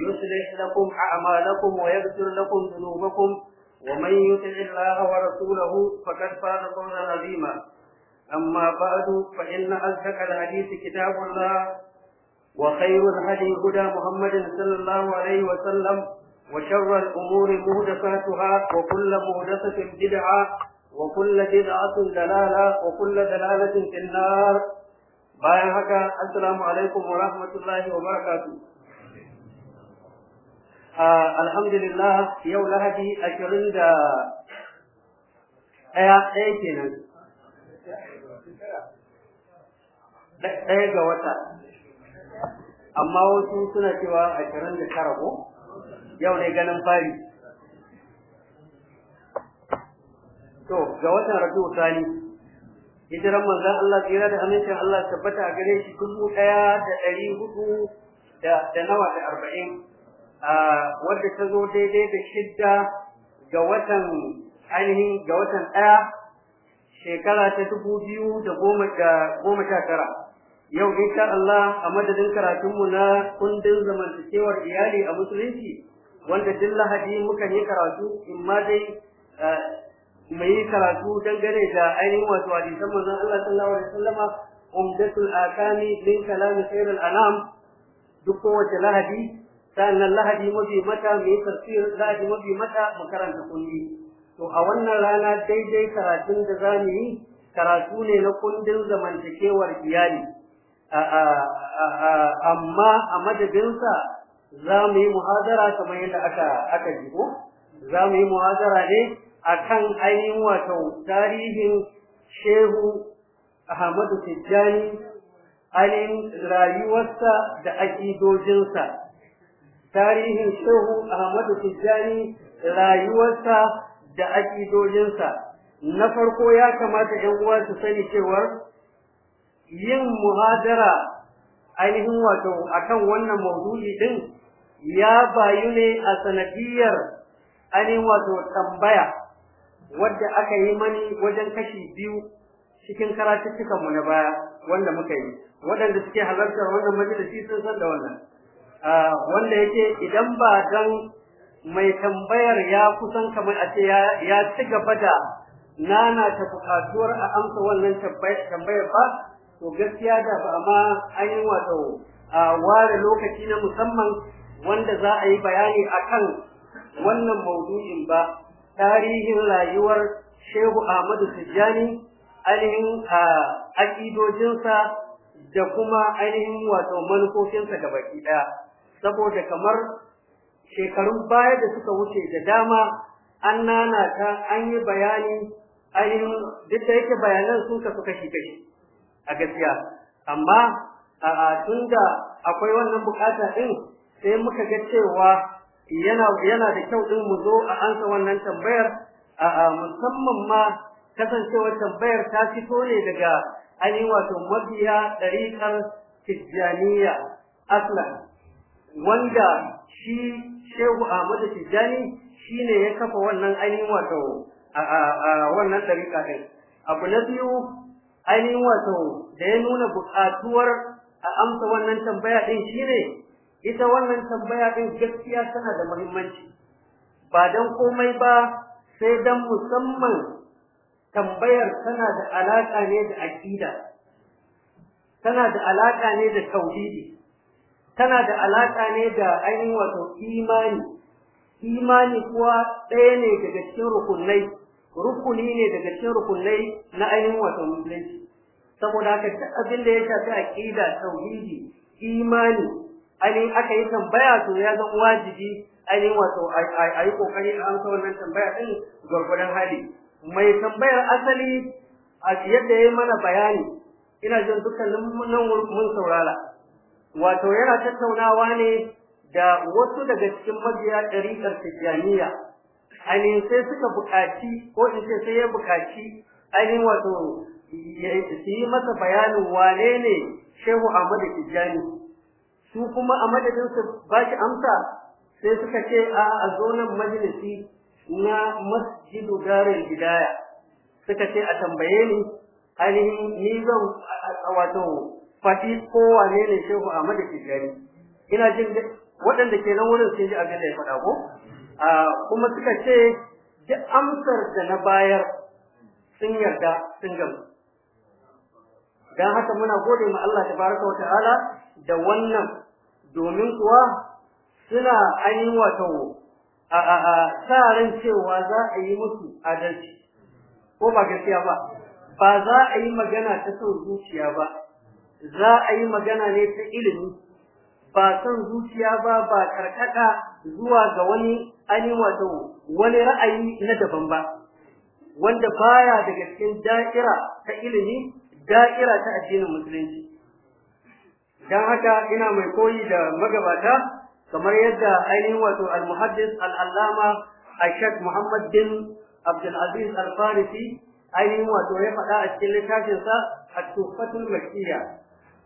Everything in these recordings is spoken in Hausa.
يصلح لكم أعمالكم ويغفر لكم ذنوبكم ومن يطع الله ورسوله فقد فاز فوزا عظيما أما بعد فإن أصدق الحديث كتاب الله وخير الهدي هدى محمد صلى الله عليه وسلم وشر الأمور مهدفاتها وكل مهدفة بدعة وكل بدعة دلالة وكل دلالة في النار بايعك السلام عليكم ورحمة الله وبركاته alhamdulillah yau lahadi ashirin da ɗaya ɗaya kenan ɗaya ga wata amma wasu suna cewa ashirin da tara ko yau ne ganin fari to ga watan rabi'u sani hijiran manzon Allah tsira da amincin Allah tabbata a gare shi dubu ɗaya da ɗari hudu da nawa da arba'in wadda ta zo daidai da shidda ga watan ainihin ga watan ɗaya shekara ta dubu biyu da goma sha tara yau insha Allah a madadin karatunmu na kundin zamantakewar iyali a musulunci wanda duk lahadi muka yi karatu in ma dai mu yi karatu dangane da ainihin wasu hadisan manzon Allah sallallahu alaihi wasallama umdatul akami min khairul anam duk kowace lahadi sannan lahadi mafi mata mu yi tafsir lahadi mafi mata mu karanta kundi to a wannan rana daidai karatun da za mu yi karatu ne na kundin zamantakewar iyali amma a madadinsa za mu yi muhadara kamar yadda aka aka jiko za mu yi muhadara ne akan ainihin wato tarihin shehu Ahmadu Tijjani alin rayuwarsa da aƙidojinsa tarihin shehu ahmadu tijjani rayuwarsa da aƙidojinsa na farko ya kamata ‘yan uwa su sani cewar yin muhadara ainihin wato akan wannan maududi din ya bayu ne a sanadiyar ainihin wato tambaya wadda aka yi mani wajen kashi biyu cikin karatuttukanmu na baya wanda muka yi waɗanda suke halartar wannan majalisi sun san da wannan Ah, wanda yake idan ba dan mai tambayar ya kusan kamar a ce ya ci gaba da nana ta bukatuwar a amsa wannan tambayar ba to gaskiya da ba ma an yi wato a ware lokaci na musamman wanda za a yi bayani a kan wannan maudu'in ba tarihin rayuwar Shehu Ahmadu Tijjani ainihin aƙidojinsa da kuma ainihin wato manufofinsa gabaki ɗaya. saboda kamar shekarun baya da suka wuce da dama an nana ta an yi bayani ainihin duk da yake bayanan sun kasu kashi kashi a gaskiya amma a tun da akwai wannan bukata din sai muka ga cewa yana da kyau din mu zo a ansa wannan tambayar a musamman ma kasancewar tambayar ta fito ne daga ainihin wato mabiya ɗariƙar tijjaniya aslan wanda shi Shehu Ahmadu Tijjani shine ya kafa wannan ainihin wato a wannan dariƙa ɗin. abu na biyu ainihin wato da ya nuna buƙatuwar a amsa wannan tambaya shi shine ita wannan tambaya ɗin gaskiya tana da muhimmanci ba don komai ba sai don musamman tambayar tana da alaƙa ne da aƙida tana da alaƙa ne da tauhidi tana da alaƙa ne da ainihin wato imani imani kuwa ɗaya ne daga cikin rukunai rukuni ne daga cikin rukunai na ainihin wato musulunci saboda haka duk abin da ya shafi aqida tauhidi imani ainihin aka yi tambaya to ya zama wajibi ainihin wato a yi ƙoƙari a amsa wannan tambaya ɗin gwargwadon hali mai tambayar asali a yadda ya yi mana bayani ina jin dukkanin nan mun saurara wato yana tattaunawa ne da wasu daga cikin mabiya ɗariƙar tijjaniya Ani sai suka buƙaci ko in ce sai ya buƙaci ainihin wato su yi masa bayanin wane ne shehu ahmadu tijjani su kuma a madadinsu ba shi amsa sai suka ce a a zonan majalisi na masjidu garin hidaya suka ce a tambaye ni ainihin ni zan wato faɗi ko wane ne shehu Ahmad Tijani ina jin waɗanda ke nan wurin sun ji abin da ya faɗa ko ah, kuma suka ce duk amsar da na bayar sun yarda sun gamu dan haka muna gode ma Allah tabaraka wa ta'ala da wannan domin kuwa suna ainihin wato a a a cewa za a yi musu adalci ko ba gaskiya ba ba za a yi magana ta son zuciya ba za a yi magana ne ta ilimi ba san zuciya ba ba karkata zuwa ga wani ani wato wani ra'ayi na daban ba wanda baya daga cikin da'ira ta ilimi da'ira ta addinin musulunci dan haka ina mai koyi da magabata kamar yadda ainihin wato al-muhaddis al-allama Ashaq Muhammad bin Abdul Aziz Al-Farisi ainihin wato ya faɗa a cikin littafinsa a tuhfatul makiya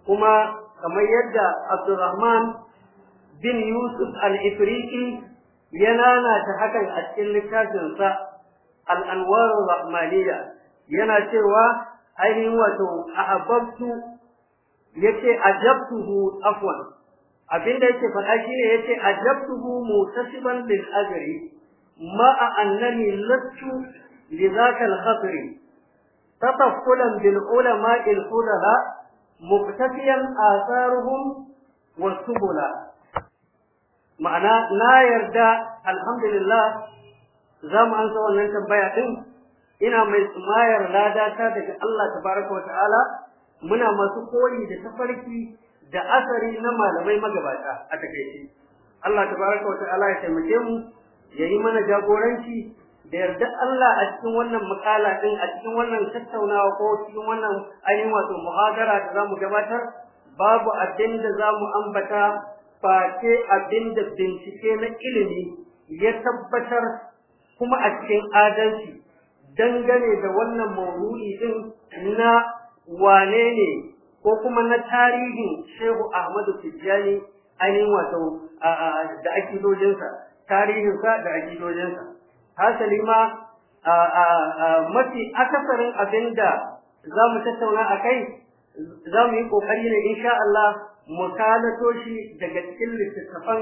kuma kamar yadda Abdulrahman bin Yusuf al-Ifriqi ya ta hakan a cikin littafinsa al-Anwar rahmaniya yana cewa ainihin wato ahabbtu yace ajabtuhu afwan abinda yake faɗa ne yace ajabtuhu mutasiban lil ajri ma'a annani lastu lidhaka al-khatri tatafulan bil ulama al muktafiyan asaruhum wasu subula ma'ana na yarda alhamdulillah za mu ansa wannan tambaya din ina mai tsumayar lada ta daga Allah tabaraka wa ta'ala muna masu koyi da tafarki da asari na malamai magabata a takaice Allah tabaraka wa ta'ala ya taimake mu yayi mana jagoranci da yarda Allah a cikin wannan makala din a cikin wannan tattaunawa ko cikin wannan ainihin wato muhadara da zamu gabatar babu abin da zamu ambata face abin da bincike na ilimi ya tabbatar kuma a cikin adalci dangane da wannan maudu'i din na wane ne ko kuma na tarihin Shehu Ahmadu Tijjani ainihin wato da akidojinsa tarihinsa da akidojinsa hasali ma mafi akasarin abin da za mu tattauna a kai za mu yi ƙoƙari ne insha Allah mu kalato shi daga cikin littattafan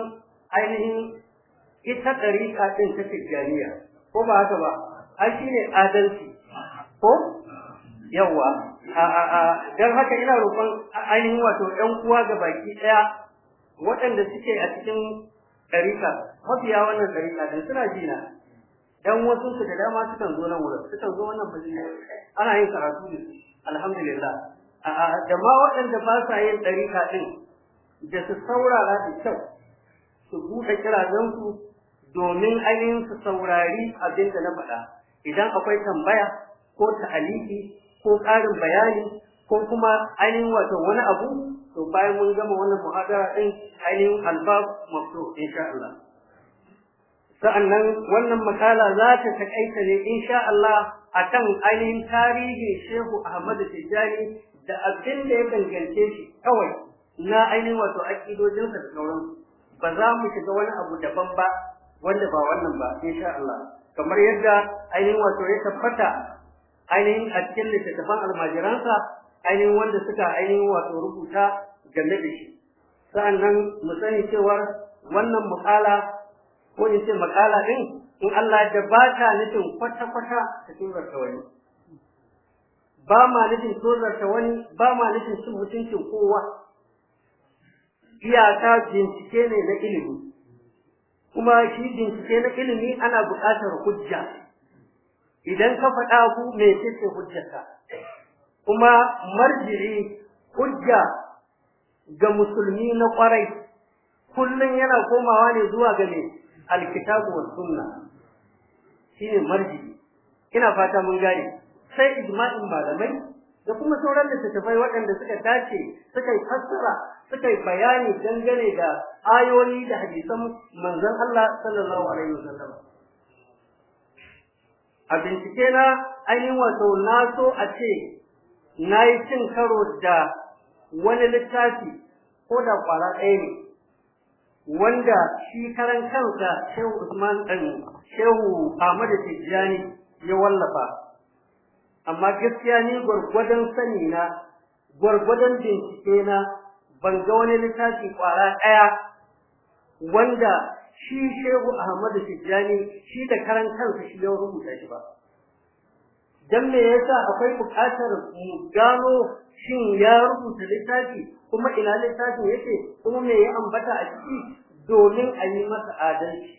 ainihin ita ɗariƙa ɗin ta tijjaniya ko ba haka ba a shi ne adalci ko yawa don haka ina roƙon ainihin wato ƴan uwa ga baki ɗaya waɗanda suke a cikin ɗariƙa mafiya wannan ɗariƙa ɗin suna jina dan wasu su da dama sukan zo nan wurin sukan zo wannan fili ana yin karatu ne alhamdulillah da ma waɗanda ba sa yin ɗarika ɗin da su saurara da kyau su buɗe kirazansu domin ainihin su saurari abin da na faɗa idan akwai tambaya ko ta'aliki ko ƙarin bayani ko kuma ainihin wato wani abu to bayan mun gama wannan muhadara ɗin ainihin albab mafto insha Allah sa'annan wannan makala za ta takaita ne insha Allah kan ainihin tarihin Shehu Ahmadu Tijjani da abin da ya dangance shi kawai na ainihin wato akidojinsa da sauransu ba za mu shiga wani abu daban ba wanda ba wannan ba insha Allah kamar yadda ainihin wato ya tabbata ainihin a cikin littattafan almajiransa ainihin wanda suka ainihin wato rubuta game da shi sa'annan mu sani cewar wannan makala. ko in ce makala din in Allah da ba ta nufin kwata-kwata ta ta wani ba ma nufin ta wani ba ma nufin cin mutuncin kowa iyaka bincike ne na ilimi kuma shi bincike na ilimi ana buƙatar hujja idan ka faɗa ku me ce hujjarka kuma marjiri hujja ga musulmi na ƙwarai kullum yana komawa ne zuwa ga alkitabu was sunna shine marji ina fata mun gane sai ijma'in malamai da kuma sauran littattafai waɗanda suka dace suka yi fassara suka yi bayani dangane da ayoyi da hadisan manzon Allah sallallahu alaihi wasallam a bincike na ainihin wato na so a ce na yi cin karo da wani littafi ko da kwara ɗaya ne wanda shi karan kansa Shehu Usman dan Shehu Ahmad Tijjani ya wallafa amma gaskiya ni gwargwadon sani na gwargwadon bincike na ban ga wani littafi kwara ɗaya. wanda shi Shehu Ahmad Tijjani shi da karan kansa shi ya rubuta shi ba dan me yasa akwai bukatar mu gano shin ya rubuta littafi kuma ina littafin yake kuma me ya ambata a ciki domin a yi masa adalci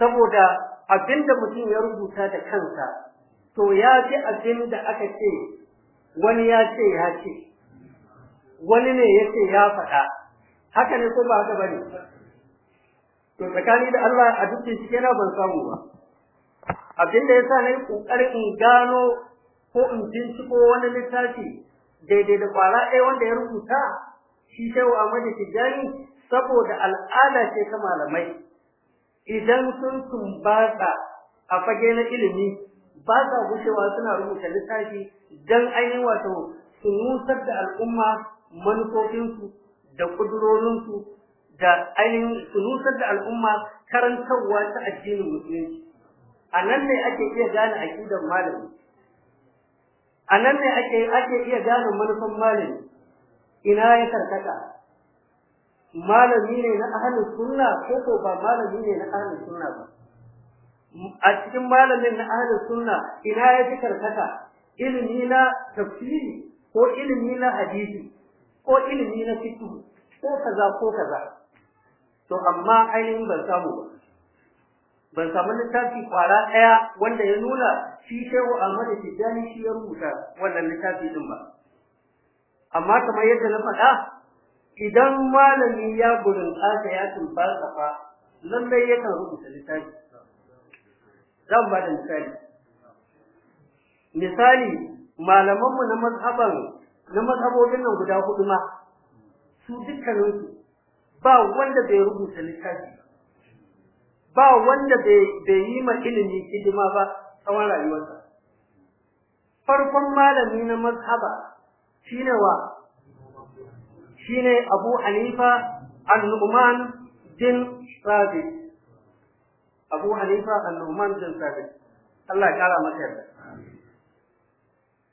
saboda abinda mutum ya rubuta da kansa to ya ji abinda aka ce wani ya ce ya ce wani ne ya ce ya faɗa haka ne ko ba haka ba ne? to tsakani da Allah a dukkan shi yana ban samu ba abinda ya sa na yi in gano ko in binciko wani littafi daidai da kwara ɗaya wanda ya rubuta shi wa amma da saboda al'ada ce ta malamai idan sun tumbata a fage na ilimi ba sa gushewa suna rubuta littafi dan yi wato su nusar da al'umma manufofinsu da kudurorinsu da ainihin su da al'umma karantarwa ta addinin musulunci a nan ne ake iya gane aƙidar malami a nan ne ake ake iya gane manufan malami ina ya karkata malami ne na ahlus sunna ko ko ba malami ne na ahlus sunna ba a cikin malamin na ahlus sunna ina ya fi karkata ilimi na tafsiri ko ilimi na hadisi ko ilimi na fiqh ko kaza ko kaza to amma ainihin ban samu ba ban samu littafi kwara ɗaya wanda ya nuna shi shehu Ahmad Tijani shi ya rubuta wannan littafi din ba amma kamar yadda na faɗa idan malami ya gurin aka ya tumfalsafa lallai yakan rubuta littafi zan ba da misali misali malamanmu na mazhaban na mazhabobin nan guda hudu ma su dukkaninsu ba wanda bai rubuta littafi ba wanda bai yi ma ilimi hidima ba tsawon rayuwarsa farkon malami na mazhaba shine wa shine Abu Hanifa An-Nu'man bin Sabit Abu Hanifa An-Nu'man bin Sabit Allah ya kara masa yarda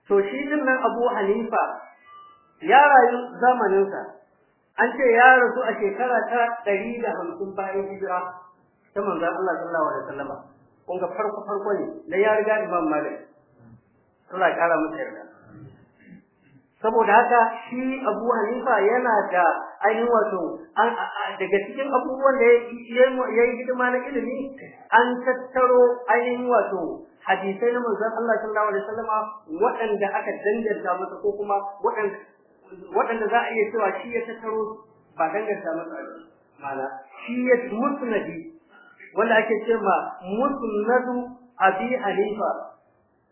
to shi din nan Abu Hanifa ya rayu zamaninsa an ce ya rasu a shekara ta 150 bayan hijira ta manzon Allah sallallahu alaihi wasallam kun ga farko farko ne da ya riga Imam Malik Allah ya kara masa yarda saboda haka shi Abu Hanifa yana da ainihin wato daga cikin abubuwan da ya yi hidima na ilimi an tattaro ainihin wato hadisai na manzon Allah sallallahu alaihi wasallama waɗanda aka danganta masa ko kuma waɗanda za a iya cewa shi ya tattaro ba danganta masa ma'ana shi ya musnadi wanda ake ce ma musnadu abi hanifa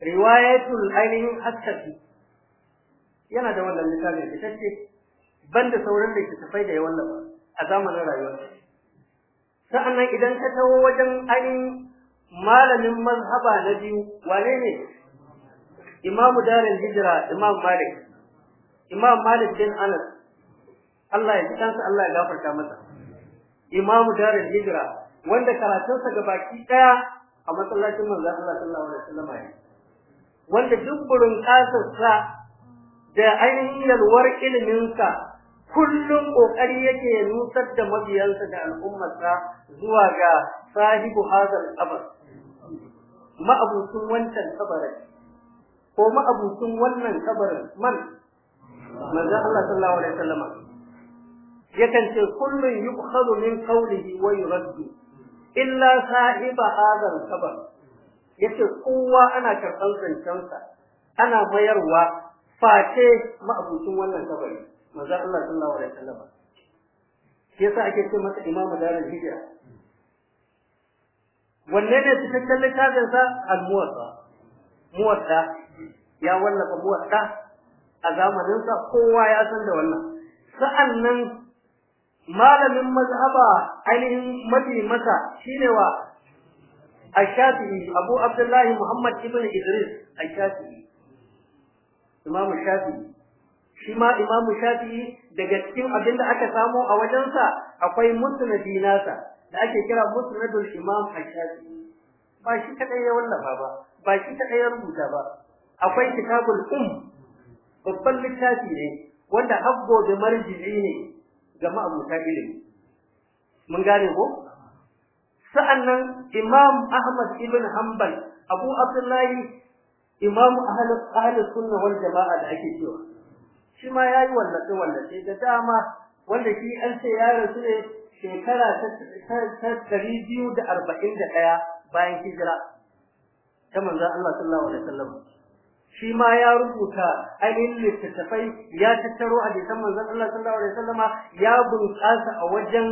riwayatul ainihin hakki yana da wannan littafin take banda sauran tafai da ya wallafa a zamanin rayuwarsa sa'annan idan ka tawo wajen ainihin malamin mazhaba na biyu wane ne imamu darin hijira imam malik imam malik bin anas Allah ya ji Allah ya gafarta masa imamu darin hijira wanda karatunsa ga baki daya a masallacin manzo Allah sallallahu alaihi wasallam ne wanda duk burin kasarsa da ainihin yalwar iliminsa kullum kokari yake nusar da mabiyansa da al'ummarsa zuwa ga sahibu hadal qabr ma'abucin wancan kabarin ko ma'abucin wannan kabarin man manzo Allah sallallahu alaihi wasallam yakan ce kullun yukhadhu min qawlihi wa yuraddu illa sahiba hadal kabar yace kowa ana karban zancensa ana bayarwa face ma'abucin wannan kabari manzon Allah sallallahu alaihi wasallam yasa ake ce masa imamu darul hijira wanne ne cikakken littafin sa al-muwatta muwatta ya wallafa muwatta a zamanin sa kowa ya san da wannan sa'annan malamin mazhaba ainihin mafi masa shine wa Ash-Shafi'i Abu Abdullahi Muhammad ibn Idris Ash-Shafi'i Imam Shafi'i shi ma Imam Shafi'i daga cikin abin aka samu a wajensa akwai musnadi dinasa da ake kira musnadul Imam a shafii ba shi kadai ya wallafa ba ba shi kadai ya rubuta ba akwai kitabul um babban littafi ne wanda habbo da marji'i ne ga ma'abuta ilimi mun gane ko sa'annan imam ahmad ibn hanbal abu abdullahi imam ahlus ahli sunna wal jama'a da ake cewa shi ma yayi wallace wallace da dama wanda shi an ce ya rasu ne shekara ta ɗari biyu da arba'in da ɗaya bayan hijira ta manzon Allah sallallahu alaihi wasallam shi ma ya rubuta ainihin littattafai ya tattaro a jikin manzan Allah sallallahu alaihi wasallama ya bunƙasa a wajen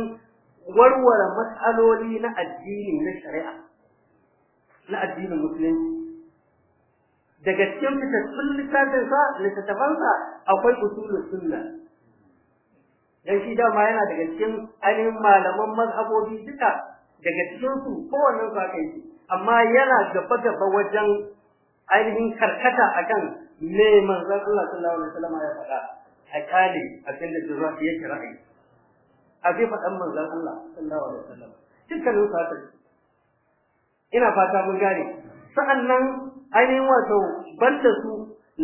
warware matsaloli na addini na shari'a na addinin musulunci daga cikin fitattun littafinsa littattafansa akwai usulun sunna dan shi dama yana daga cikin ainihin malaman mazhabobi duka daga cikin su kowannen su amma yana gaba gaba wajen ainihin karkata akan me manzon Allah sallallahu alaihi wasallam ya faɗa a a kan da Jurrat yake ra'ayi abin faɗan manzon Allah sallallahu alaihi wasallam dukkanin su haka ina fata mun gane sa'annan ainihin wato banda su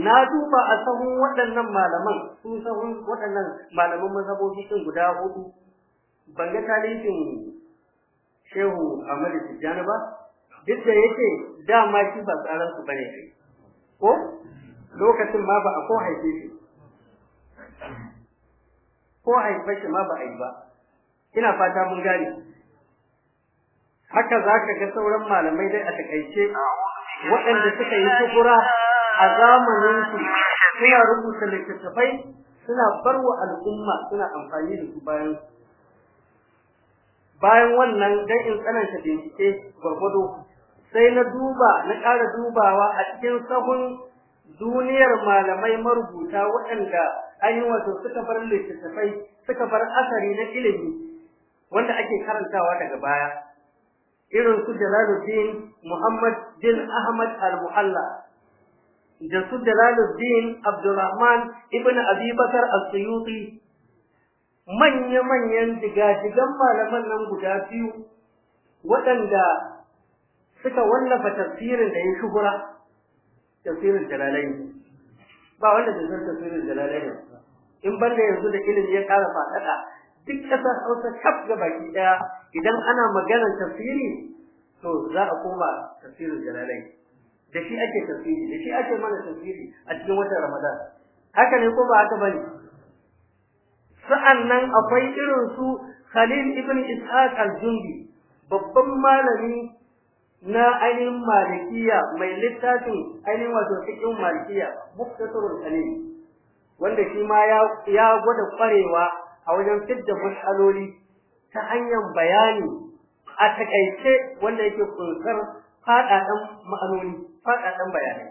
na duba a sahun waɗannan malaman su sahun waɗannan malaman mazhabobi din guda hudu ban ga tarihin shehu Ahmad Tijjani ba duk da yake dama shi ba tsaran su bane kai ko lokacin ma ba a ko haife shi ko haife shi ma ba a yi ba ina fata mun gane haka zaka ga sauran malamai dai a takaice waɗanda suka yi kubura a zamanin su suna rubuta littattafai suna barwa al'umma suna amfani da su bayan bayan wannan dan in tsananta bincike gwargwado sai na duba na ƙara dubawa a cikin sahun duniyar malamai marubuta waɗanda an yi wato suka bar littattafai suka bar asari na ilimi wanda ake karantawa daga baya irin su Jalaluddin Muhammad bin Ahmad al-Muhalla da su Jalaluddin Abdulrahman ibn abibakar Bakar manya-manyan diga-digan malaman nan guda biyu waɗanda suka wallafa tafsirin da ya shuhura tafsirin jalalaini ba wanda zai san tafsirin jalalaini in banda yanzu da ilimi ya ƙara faɗaɗa duk kasar Hausa kaf ga baki ɗaya idan ana maganar tafsiri to za a koma tafsirin jalalaini da shi ake tafsiri da shi ake mana tafsiri a cikin watan Ramadan haka ne ko ba haka bane sa'annan akwai irin su Khalil ibn Ishaq al-Jundi babban malami na ainihin malikiya mai littafin ainihin wato cikin malikiya muktasarul qalil wanda shi ma ya ya gwada kwarewa a wajen fidda mas'aloli ta hanyar bayani a takaice wanda yake kunsar faɗaɗan ma'anoni faɗaɗan bayanai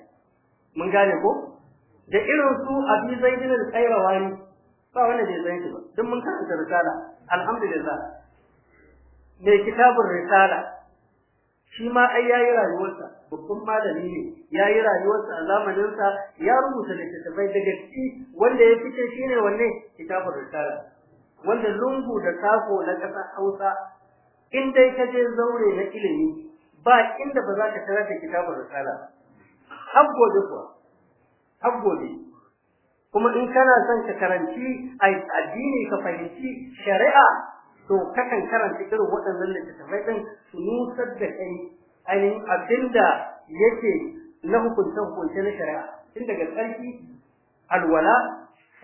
mun gane ko da irin su abi zaidin al-qayrawani ba wanda bai zai ba duk mun karanta risala alhamdulillah mai kitabun risala shi ma ai yayi rayuwarsa babban malami ne yayi rayuwarsa a zamanin sa ya rubuta littattafai daga ciki wanda ya fice shine wanne kitabul risala wanda lungu da sako na ƙasa Hausa in dai ka je zaure na ilimi ba inda ba za ka tara da kitabul risala habbobi kuwa ne. kuma in kana son ka karanci addini ka fahimci shari'a to kakan karanta irin waɗannan littattafai ɗin su nusar da kai ainihin da yake na hukunta hukunce na shari'a tun daga tsarki alwala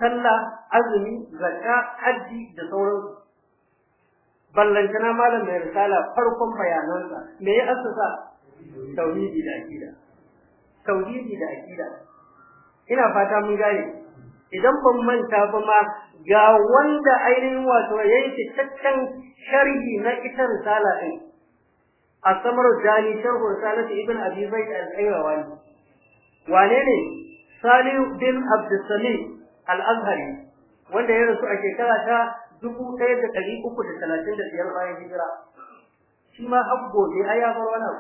sallah azumi zaka hajji da sauransu ballantana malam mai risala farkon bayanansa me ya assasa tauhidi da akida tauhidi da akida ina fata mun gane idan ban manta ba ma ga wanda ainihin wato ya yi cikakken sharhi na ita risala ɗin a samar jani sharhu risalatu ibn abi zaid al-qayrawani wane ne salih bin Salim al-azhari wanda ya rasu a shekara ta dubu ɗaya da ɗari uku da talatin da biyar bayan hijira shi ma har gobe a ya bar wani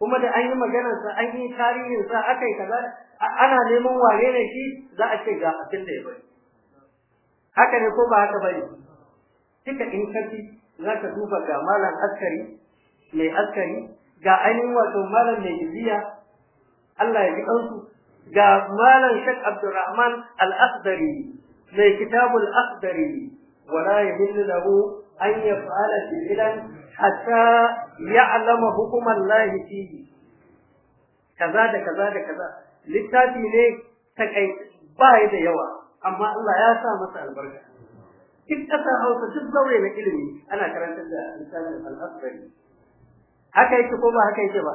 kuma da an yi maganarsa an yi tarihinsa aka yi kaza ana neman wane ne shi za a ce ga abin da ya bari haka ne ko ba haka bane duka in kafi za ka duba ga malam askari mai askari ga ainihin wato malam mai jiziya Allah ya ji ɗansu ga malam Sheikh Abdulrahman Al-Akhdari mai kitabul Akhdari wala yahillu lahu an yaf'ala shay'an hatta ya'lama hukm Allah fihi kaza da kaza da kaza littafi ne takai ba da yawa amma Allah ya sa masa albarka duk kasa Hausa duk zaure na ilimi ana karantar da misalin al haka yake ko ba haka yake ba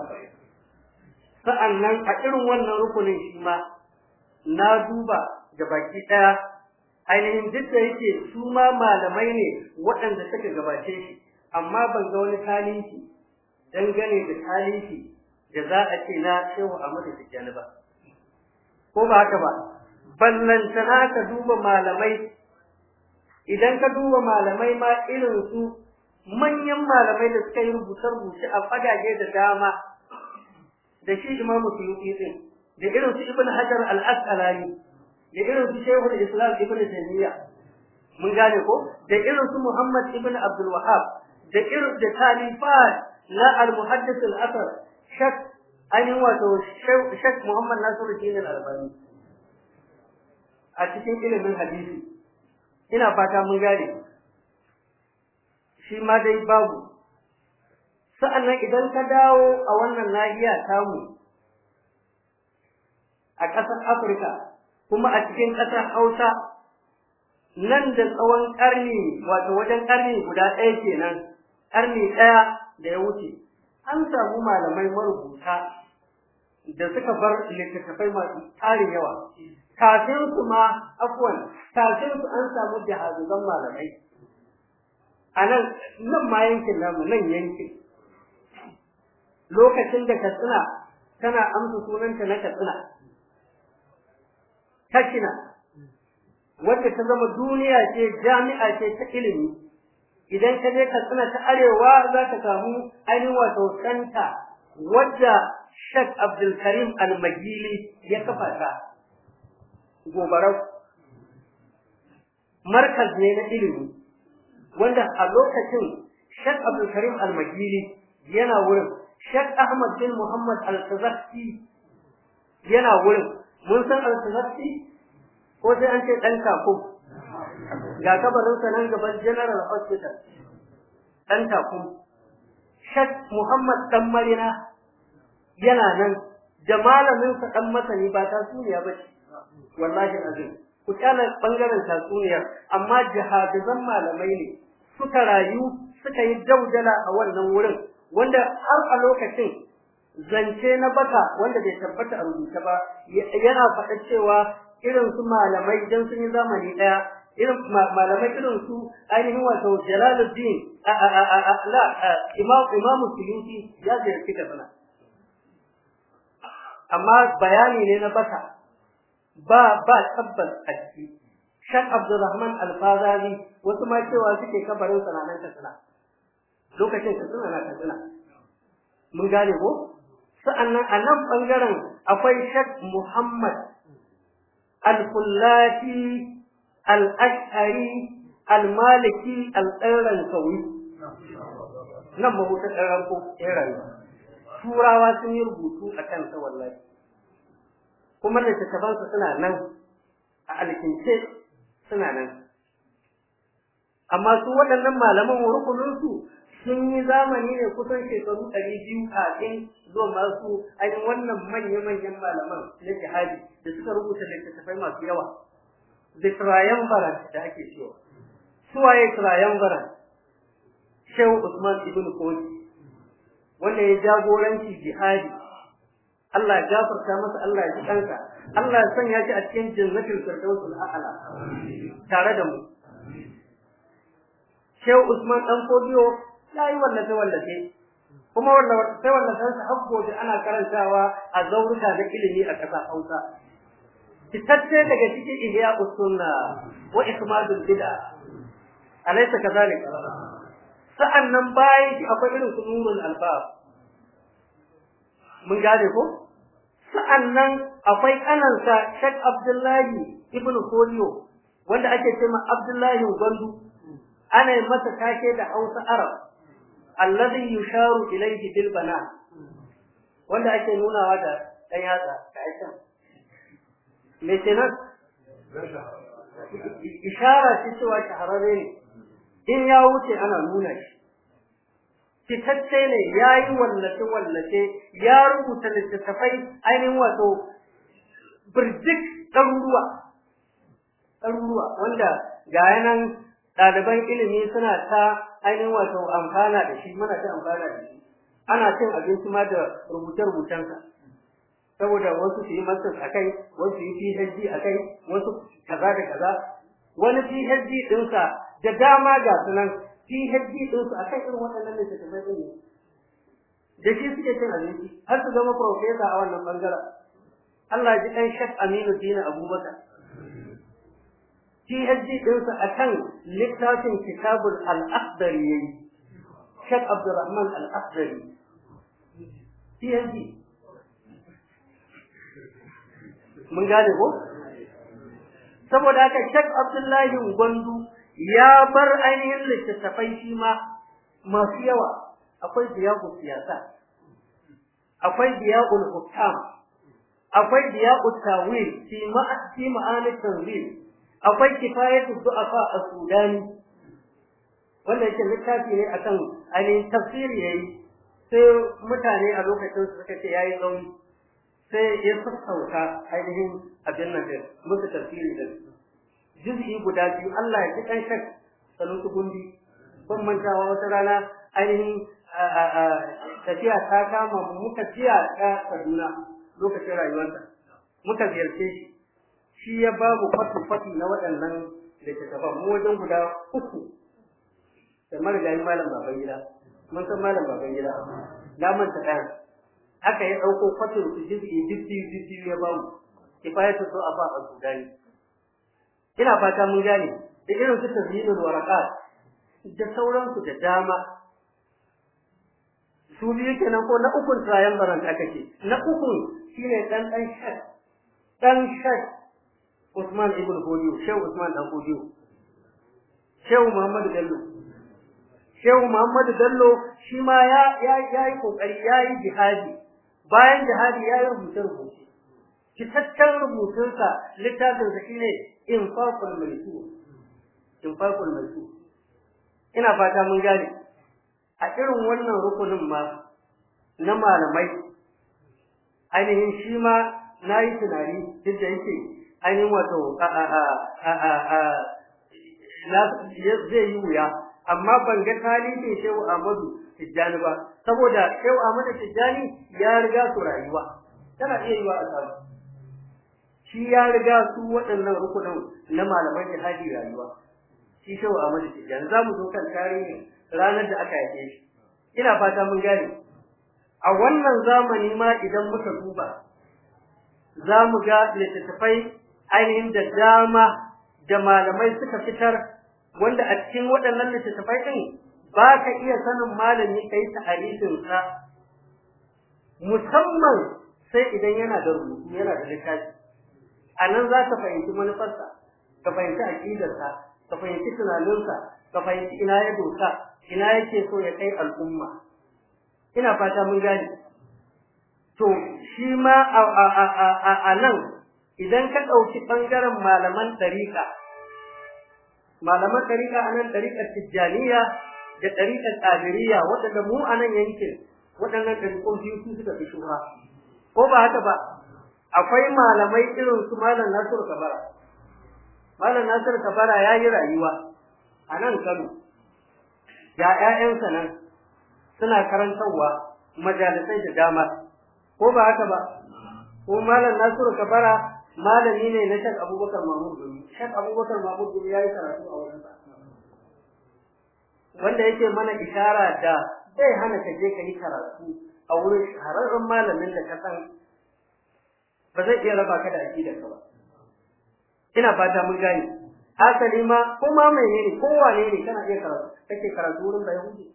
sa'annan a irin wannan rukunin shi ma na duba da baki daya ainihin duk da yake su ma malamai ne waɗanda suka gabace shi amma ban ga wani talinki dangane da talinki da za a ce na shehu Ahmadu Tijjani ba ko ba haka ba ballantana ka duba malamai idan ka duba malamai ma irin su manyan malamai da suka yi rubutar rubuce a fagage da dama da shi Imam Suyuti din da irin su Ibn Hajar al-Asqalani da irin su Shaykhul Islam Ibn Taymiyyah mun gane ko da irin su Muhammad Ibn Abdul Wahhab da irin da talifat na al-muhaddith al-athar shak an wato shak Muhammad Nasiruddin al-Albani a cikin ilimin hadisi ina fata mun gane shi ma dai babu sa'annan idan ka dawo a wannan nahiya tamu a ƙasar Afirka kuma a cikin ƙasar Hausa nan da tsawon ƙarni wato wajen ƙarni guda ɗaya kenan ƙarni ɗaya da ya wuce an samu malamai marubuta da suka bar littattafai masu tsarin yawa kafin su ma afwan kafin su an samu zan malamai a nan nan ma yankin namu nan yankin lokacin da katsina tana amsa sunanta na katsina kashina wadda ta zama duniya ce jami'a ce ta ilimi idan ka je katsina ta arewa za ka samu ainihin wato santa wadda Shekh Abdulkarim Karim al ya kafa ta gobarau markaz ne na ilimi wanda a lokacin Sheikh Abdul Karim Al-Majili yana wurin Sheikh Ahmad bin Muhammad Al-Tazakki yana wurin mun san Al-Tazakki ko sai an ce dan kako ga kabarin sa nan gaban General Hospital dan kako Sheikh Muhammad dan yana nan da malamin sa dan masani ba ta suniya ba wallahi azim ku kana bangaren tatsuniyar amma zan malamai ne suka rayu suka yi daudala a wannan wurin wanda har a lokacin zance na bata wanda bai tabbata a rubuta ba yana faɗa cewa irin su malamai dan sun yi zamani daya irin malamai irin su ainihin wato Jalaluddin la Imam Imam Suyuti ya ziyarci da Katsina amma bayani ne na bata ba ba tabbas a ciki shan abdurrahman alfazari wasu ma cewa suke kabarin sananan katsina lokacin suna na katsina mun gane ko sa'annan a nan bangaren akwai shak muhammad al-kullati al-ash'ari al-maliki al ɗaran kawi nan mahutar ɗan ko ɗan turawa sun yi rubutu a kansa wallahi kuma littattafansa suna nan a alkince suna nan amma su waɗannan malaman rukuninsu sun yi zamani ne kusan shekaru ɗari biyu kafin zuwa masu an wannan manya-manyan malaman na jihadi da suka rubuta littattafai masu yawa da triumvirate da ake cewa suwaye triumvirate shehu usman ibn kogi wanda ya jagoranci jihadi Allah ya gafarta masa Allah ya ji kansa Allah ya sanya shi a cikin jannatul firdaus al-a'la tare da mu Shehu Usman dan Kodiyo yayi wallafe-wallafe, kuma wallace wallace sa hakko da ana karantawa a zauruka da ilimi a ƙasa Hausa fitacce daga cikin ihya usunna wa ikmadul bid'a alaysa kadhalika sa'annan bayan akwai irin sunurul albab mun gane ko sa'annan akwai kanansa Sheikh Abdullahi ibn Koliyo wanda ake cewa Abdullahi Gondu ana yi masa take da Hausa Arab alladhi yusharu ilayhi bil bana wanda ake nunawa da dan yatsa da aikin me ishara shi cewa shahararre ne in ya wuce ana nuna shi fitacce ne ya yi wallace wallace ya rubuta littattafai ainihin wato birjik ɗaruruwa ɗaruruwa wanda ga yanan ɗaliban ilimi suna ta ainihin wato amfana da shi muna ta amfana da shi ana cin abinci ma da rubuce-rubucensa saboda wasu su yi masters a kai wasu su yi phd a kai wasu kaza da kaza wani phd ɗinsa da dama ga sunan PhD din su kan irin waɗannan littattafai din ne da shi suke cin abinci har su zama profesa a wannan bangaren Allah ji ɗan shak Aminu Dina Abubakar PhD ɗinsa a kan littafin kitabul al-akhdari yayi Sheikh Abdulrahman al-akhdari PhD mun gane ko saboda haka shak Abdullahi Gwandu ya bar ainihin littattafai shi ma masu yawa akwai diyagun siyasa akwai diyagun hukam akwai diyagun tawil fi ma'anar tanzil akwai kifayatu du'afa a sudani wanda yake littafi ne akan ainihin tafsiri yayi sai mutane a lokacin su suka ce yayi zaune, sai ya sassauta ainihin abin nan musu tafsiri da juz'i guda biyu Allah ya ji kan shak sanusu gundi ban mantawa wata rana ainihin tafiya ta kama muka tiya ta Kaduna lokacin rayuwarsa muka ziyarce shi shi ya babu mu fatu-fatu na waɗannan da ke tafa mu wajen guda uku da marigayi malam baban gida mun san malam baban gida na manta ɗaya aka yi ɗauko fatin su jirgi jirgi ya babu mu kifaya so a ba a sudani ina fata mun gane da irin su tazyinul waraqat da sauransu da dama su biyu kenan ko na ukun baran aka ce na ukun shine dan dan shak dan shak Usman ibn Hudiyo Shehu Usman dan Hudiyo Shehu Muhammad Bello Shehu Muhammad Bello shi ma ya ya yi kokari yi jihadi bayan jihadi ya yayi rubuce rubuce cikakken rubutunsa littafinsa shine infaqul maisur infaqul maisur ina fata mun gane a irin wannan rukunin ma na malamai ainihin shi ma nayi tunani duk da yake ainihin wato zai yi wuya amma ban ga tarihin Shehu Ahmadu Tijjani ba saboda Shehu Ahmadu Tijjani ya riga su rayuwa tana iya yiwa a shi ya riga su waɗannan rukunan na malaman jihadi rayuwa shi shawo a ce, yanzu za mu zo kan tarihi ranar da aka yake shi ina fata mun gane a wannan zamani ma idan muka duba za mu ga littattafai ainihin da dama da malamai suka fitar wanda a cikin waɗannan littattafai ɗin ba ka iya sanin malami kai ta'arifinsa musamman sai idan yana da rubutu yana da littafi a nan za ka fahimci manufarsa ka fahimci aƙidarsa ka fahimci tunaninsa ka fahimci ina ya dosa ina yake so ya kai al'umma ina fata mun gane to shi ma a nan idan ka ɗauki ɓangaren malaman ɗariƙa malaman ɗariƙa a nan ɗariƙar tijjaniya da ɗariƙar ƙadiriya waɗanda mu a nan yankin waɗannan ɗariƙofi su suka fi shuha ko ba haka ba akwai malamai irin su malam Nasiru Kabara malam Nasiru Kabara ya yi rayuwa a nan Kano ya ƴaƴansa nan suna karantarwa majalisai da dama ko ba haka ba ko malam Nasiru Kabara malami ne na Sheikh Abubakar Mahmud Gumi Sheikh Abubakar Mahmud Gumi ya yi karatu a wurin sa wanda yake mana isharar da zai hana ka je ka yi karatu a wurin shahararren malamin da ka san ba zai iya raba ka da aqidar ka ba ina fata mun gane asali ma ko ma ne ko wane ne kana iya karatu kake karatu wurin da yahudi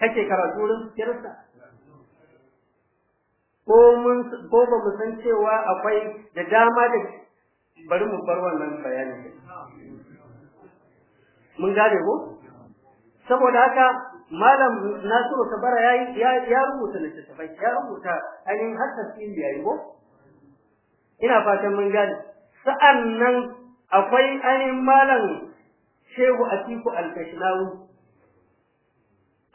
kake karatu wurin kirista ko mun ko ba mu san cewa akwai da dama da bari mu bar wannan bayani mun gane ko saboda haka malam nasiru kabara ya ya rubuta littattafai ya rubuta ainihin har tafsiri yayi ko ina fatan mun gane sa'annan akwai ainihin malam shehu atiku al-kashnawi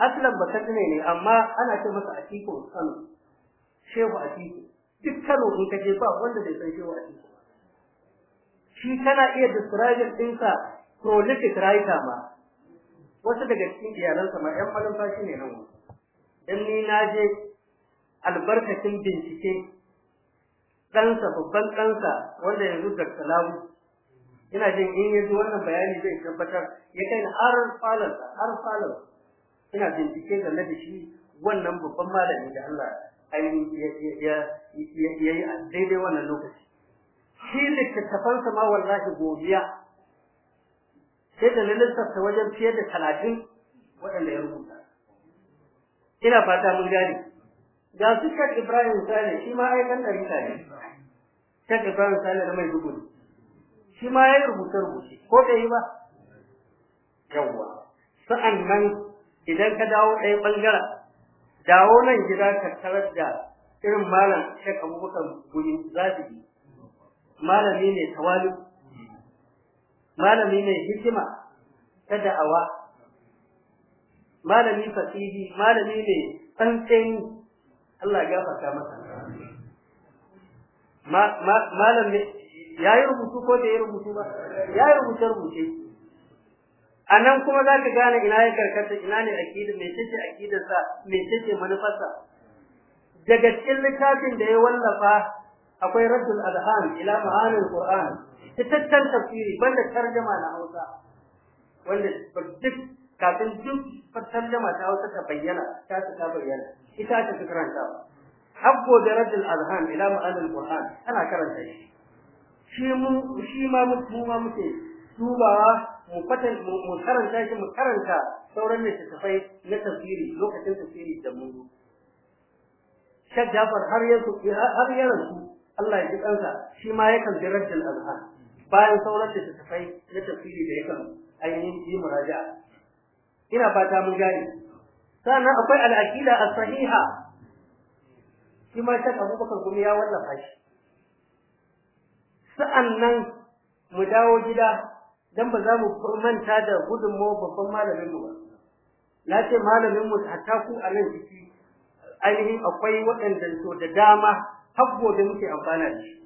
aslan bakatne ne amma ana ce masa atiku san shehu atiku duk kano in ka je ba wanda zai san shehu atiku shi kana iya describe ɗinka prolific writer ma wasu daga cikin iyalansa ma ƴan malumfashi ne nan dan ni na je albarkacin bincike ɗansa babban ɗansa wanda yanzu da salamu ina jin in yanzu wannan bayani zai tabbatar ya kai na har falansa har falansa ina bincike game da shi wannan babban malami da Allah ainihin ya yi daidai wannan lokaci shi littattafansa ma wallahi godiya sai da lissafta wajen fiye da talatin waɗanda ya rubuta ina fata mun gane ga su shek ibrahim sale shi ma ai ɗan ɗarika ne shek ibrahim sale da mai dubu shi ma ya yi rubuce rubuce ko bai yi ba yawwa sa'an nan idan ka dawo ɗaya ɓangaren dawo nan gida ka tarar da irin malam shek abubakar guri zafi malami ne tawali'u malami mai hikima ta da'awa malami fasihi malami san tsantseni Allah ya gafarta masa malam ya yi rubutu ko da ya rubutu ba ya yi rubuce rubuce a nan kuma za ka gane ina ya karkata ina ne akidar mai cece akidarsa mai cece manufarsa daga cikin littafin da ya wallafa akwai raddul adhan ila ma'anin qur'an fitaccen tafsiri banda tarjuma na Hausa wanda duk kafin duk tarjuma ta Hausa ta bayyana ta ta bayyana ita ta karantawa habbo darajul alhan ila ma'anil alquran ana karanta shi shi mu shi ma mu ma muke dubawa mu fata mu karanta shi mu karanta sauran littattafai na tafsiri lokacin tafsiri da mu Shek har yanzu har yanzu Allah ya ji kansa shi ma yakan bi raddul azhar bayan sauran da ta fai na tafsiri da yakan ainihin yi muraja ina fata mun gane sannan akwai al-aqida as-sahiha shi ma shek gumi kuma ya wallafa shi sa'annan mu dawo gida dan ba za mu manta da gudunmu babban malamin mu ba na ce malamin mu hatta ku a nan ciki ainihin akwai waɗanda so da dama habbo da muke amfana da shi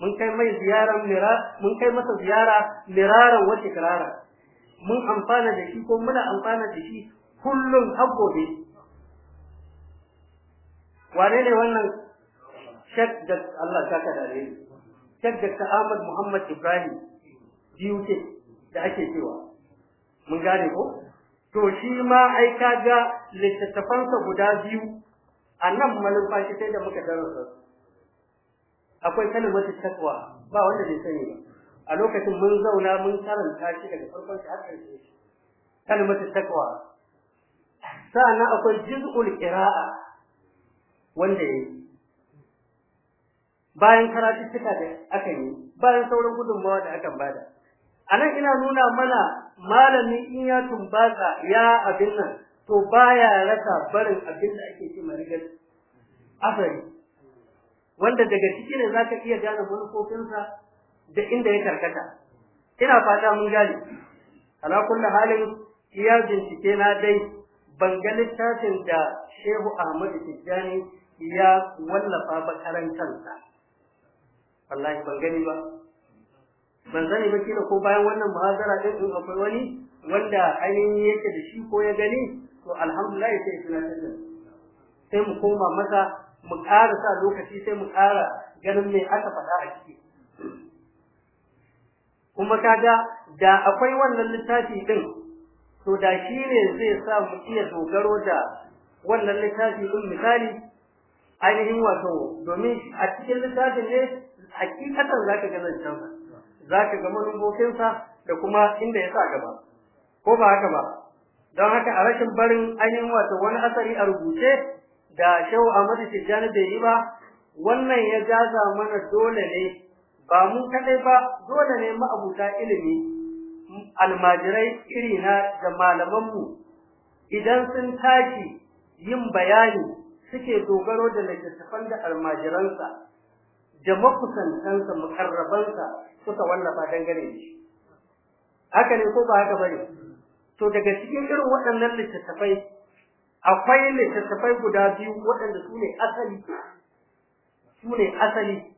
mun kai mai ziyaran mira mun kai masa ziyara miraran wace tikrara mun amfana da shi ko muna amfana da shi kullum har wane ne wannan shek da Allah ta kada ne shek da Ahmad Muhammad Ibrahim DUK da ake cewa mun gane ko to shi ma ai kaga littattafansa guda biyu a nan shi sai da muka darasa akwai kalmatu takwa ba wanda bai sani ba a lokacin mun zauna mun karanta shi daga farkon shi har ƙarshe kalmatu takwa akwai juz'ul qira'a wanda bayan suka da aka yi bayan sauran gudunmawa da aka bada anan ina nuna mana malami in ya tumbaza ya abin nan to baya rasa barin abin da ake ce rigar afari wanda daga ciki ne zaka iya gane manufofinsa da inda ya karkata ina fata mun gane ala kullu halin iya bincike na dai ban ga littafin da Shehu Ahmad Tijjani ya wallafa ba karantansa wallahi ban gani ba ban sani ba kila ko bayan wannan muhazara din in akwai wani wanda ainin yake da shi ko ya gani to alhamdulillah sai ya tunatar sai mu koma masa mu ƙara sa lokaci sai mu ƙara ganin mai aka faɗa a ciki kuma kaga da akwai wannan littafi ɗin, to da shi ne zai sa mu iya dogaro da wannan littafi ɗin misali ainihin wato domin a cikin littafin ne hakikatan za ka ga zancen za ka ga manubokinsa da kuma inda ya sa gaba ko ba haka ba don haka a rashin barin ainihin wato wani asari a rubuce da shau Ahmadu Tijjani bai yi ba wannan ya jaza mana dole ne ba mu kadai ba dole ne ma'abuta ilimi almajirai iri na da malamanmu idan sun tashi yin bayani suke dogaro da littattafan da almajiransa da makusantansa mukarrabansa suka wallafa dangane da haka ne ko ba haka bane to daga cikin irin waɗannan littattafai akwai littattafai guda biyu waɗanda su ne asali su ne asali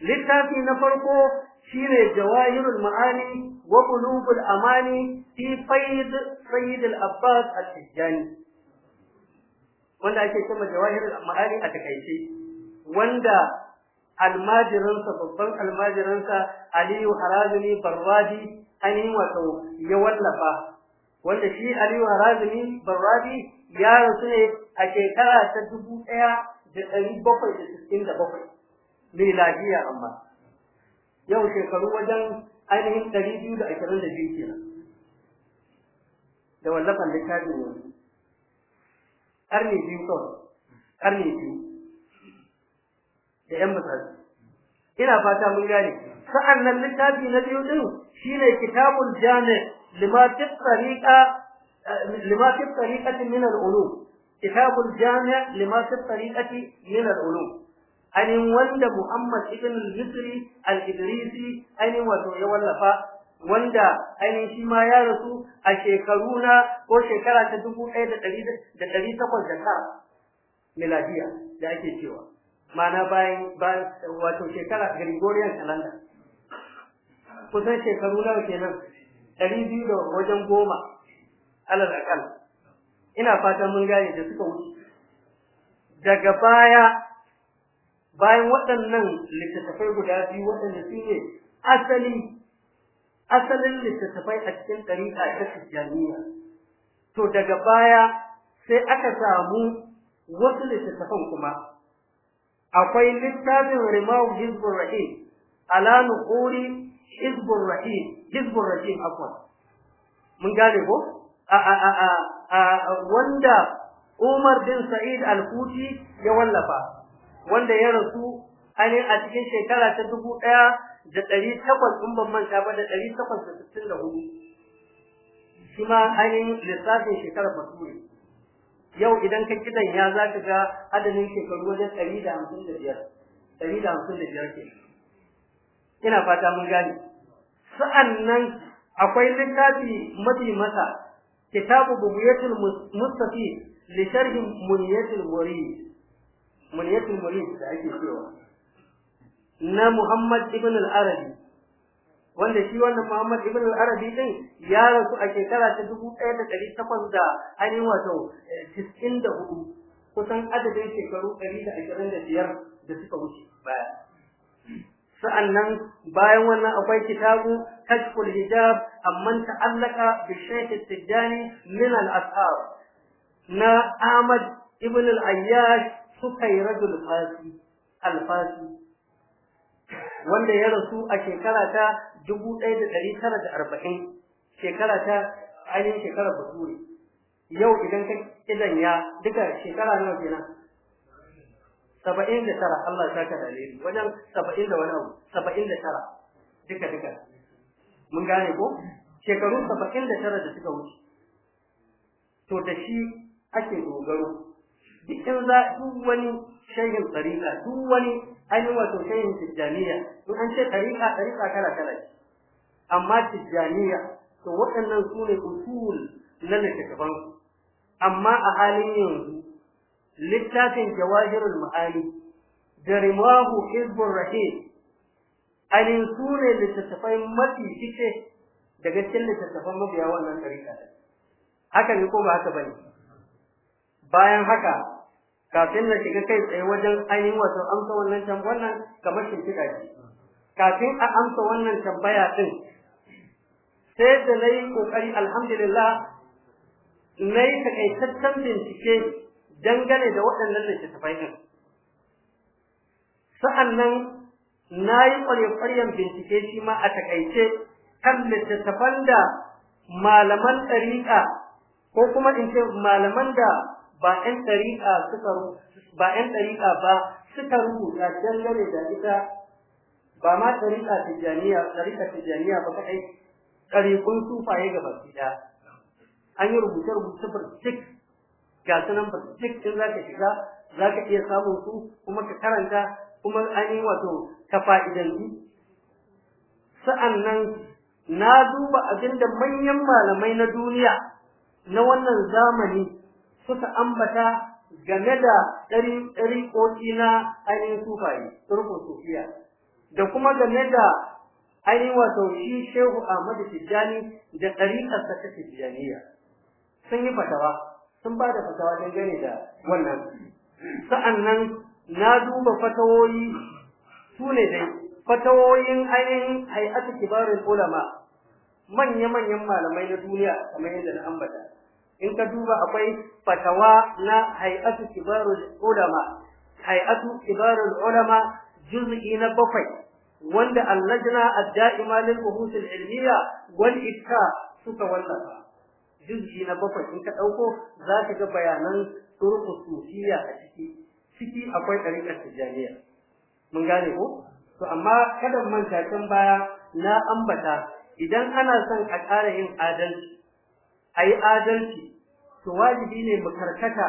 littafi na farko shine jawahirul ma'ani wa qulubul amani fi fayd sayyid al-abbas al tijani wanda ake cewa jawahirul ma'ani a takaice wanda almajiransa babban almajiransa Aliyu harajini Barradi yi wato ya wallafa wanda shi Aliyu harajini Barradi ya rasu ne a shekara ta dubu ɗaya da ɗari bakwai da sittin da bakwai miladiya amma yau shekaru wajen ainihin ɗari biyu da ashirin da biyu kenan da wallafan littafin yanzu ƙarni biyu kawai ƙarni biyu da ƴan misali ina fata mun gane sa'an nan littafi na biyu ɗin shine kitabul jami' lima fi لما في الطريقة من العلوم كتاب الجامع لما في الطريقة من العلوم ainihin wanda Muhammad ibn al-Misri al-Idrisi ainihin wato ya wallafa wanda ainihin shi ma ya rasu a shekaru na ko shekara ta dubu ɗaya da ɗari takwas da tara miladiya da ake cewa ma'ana bayan wato shekara Gregorian calendar kusan shekaru nawa kenan ɗari biyu da wajen goma alal akal ina fatan mun gane da suka wuce daga baya bayan waɗannan littattafai guda biyu waɗanda su ne asali asalin littattafai a cikin ɗariƙa ta jami'a, to daga baya sai aka samu wasu littattafan kuma akwai littafin rimawu hizbun rahim ala nuquri hizbun rahim hizbun rahim Akwai mun gane ko wanda Umar bin Sa'id al-Kuti ya wallafa wanda ya rasu ainihin a cikin shekara ta dubu ɗaya da ɗari takwas ban manta ba da ɗari takwas da sittin da hudu shi ma lissafin shekarar fasuri yau idan ka kidan ya za ka ga adadin shekaru wajen ɗari da hamsin da biyar ɗari da hamsin da biyar ke ina fata mun gane sa'an nan akwai littafi mafi masa كتاب بنية المستفي لشرح منية المريد منية المريد na Muhammad ibn al-Arabi wanda shi wannan Muhammad ibn al-Arabi din ya rasu a shekara ta 1800 da ainihin wato 94 kusan adadin shekaru 125 da suka wuce sa'annan bayan wannan akwai kitabu كشف أم من تعلق بالشيخ السجاني من الأصحاب نا أحمد ابن العياش سكي رجل فاسي الفاسي wanda ya rasu a shekara ta dubu ɗaya da tara da arba'in shekara ta ainihin shekarar bature yau idan ka idan ya duka shekara nawa kenan saba'in da tara Allah ya saka da wajen duka duka mun gane ko shekaru 79 da suka wuce to da shi ake dogaro duk in za duk wani shayin tariqa duk wani ainihin wato shayin tijjaniya in an ce tariqa tariqa kala kala amma tijjaniya to waɗannan su ne usul na littattafan amma a halin yanzu littafin jawahirul ma'ali da rimahu hizbur rahim ainihin su ne littattafai mafi cike daga cikin littattafan mabiya wannan tarika haka ne ko ba haka bane bayan haka kafin na shiga kai tsaye wajen ainihin wato amsa wannan tambayan, nan kamar shimfiɗa ce kafin a amsa wannan tambaya din sai da na yi ƙoƙari alhamdulillah na yi takaitaccen bincike dangane da waɗannan littattafai ɗin sa'annan na yi ƙwaryen bincike shi ma a takaice kan littattafan da malaman ɗariƙa ko kuma in ce malaman da ba 'yan ɗariƙa suka ba 'yan ɗariƙa ba suka rubuta dangane da ita ba ma ɗariƙa tijjaniya ɗariƙa tijjaniya ba kaɗai ɗariƙun sufaye ga baki ɗaya an yi rubuce-rubuce barcik ga sunan barcik in za ka shiga za ka iya samun su kuma ka karanta kuma an wato ta fa'idanci sa'annan na duba abinda manyan malamai na duniya na wannan zamani suka ambata game da ɗariƙoƙi na ainihin sufaye, turkun sufiya, da kuma game da ainihin wato shi Shehu Ahmadu Tijjani da ɗariƙarsa ta Tijjaniya. Sun yi fatawa, sun ba da fatawa dangane da wannan. Sa'annan na duba fatawoyi su ne dai fatawoyin ainihin hay'atu kibarul ulama manya-manyan malamai na duniya kamar yadda na ambata in ka duba akwai fatawa na hay'atu kibarul ulama hay'atu kibarul ulama juz'i na bakwai wanda allajna ad-da'ima lil buhuth al-ilmiya wal suka wallafa juz'i na bakwai in ka dauko zaka ga bayanan turku sufiya a ciki ciki akwai ɗariƙar tijjaniya mun gane ko to amma kada manta can baya na ambata idan ana son a ƙara yin adalci a yi adalci to wajibi ne mu karkata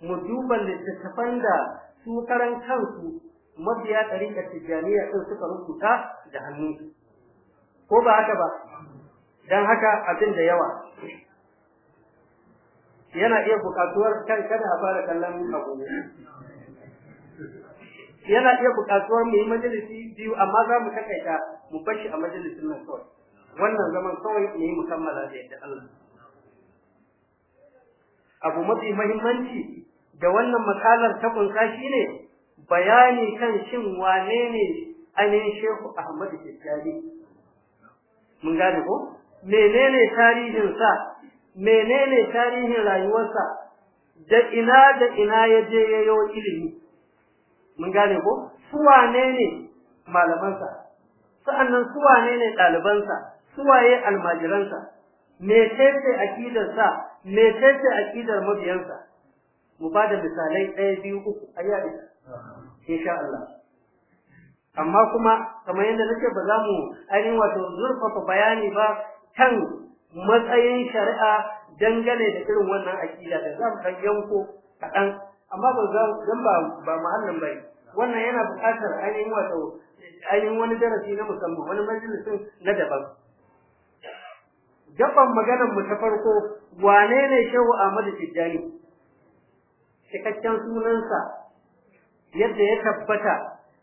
mu duba littattafan da su karan kansu mabiya ɗariƙar tijjaniya ɗin suka rubuta da hannu ko ba haka ba don haka abin da yawa yana iya buƙatuwar kan kada a fara kallon abu yana iya buƙatuwar mu yi majalisi biyu amma za mu takaita mu bar shi a majalisin nan kawai wannan zaman kawai mu yi mu da yadda Allah abu mafi muhimmanci da wannan makalar ta kunsa ne bayani kan shin wane ne ainihin Shehu Ahmad Tijjani mun gane ko menene tarihin sa menene tarihin rayuwarsa da ina da ina ya je yayo ilimi mun gane ko su wane ne malamansa sa'annan su wane ne ɗalibansa su waye almajiransa mecece akidarsa mecece akidar mabiyansa mu ba da misalai ɗaya biyu uku a insha Allah amma kuma kamar yadda nake ba za mu ainihin wato zurfafa bayani ba kan matsayin shari'a dangane da irin wannan aƙida da za mu ɗan yanko kaɗan amma ba za ba ba muhallin bai wannan yana buƙatar ainihin wato ainihin wani darasi na musamman wani majalisin na daban gaban maganar mu ta farko wane ne shehu Ahmadu Tijjani cikakken sunansa yadda ya tabbata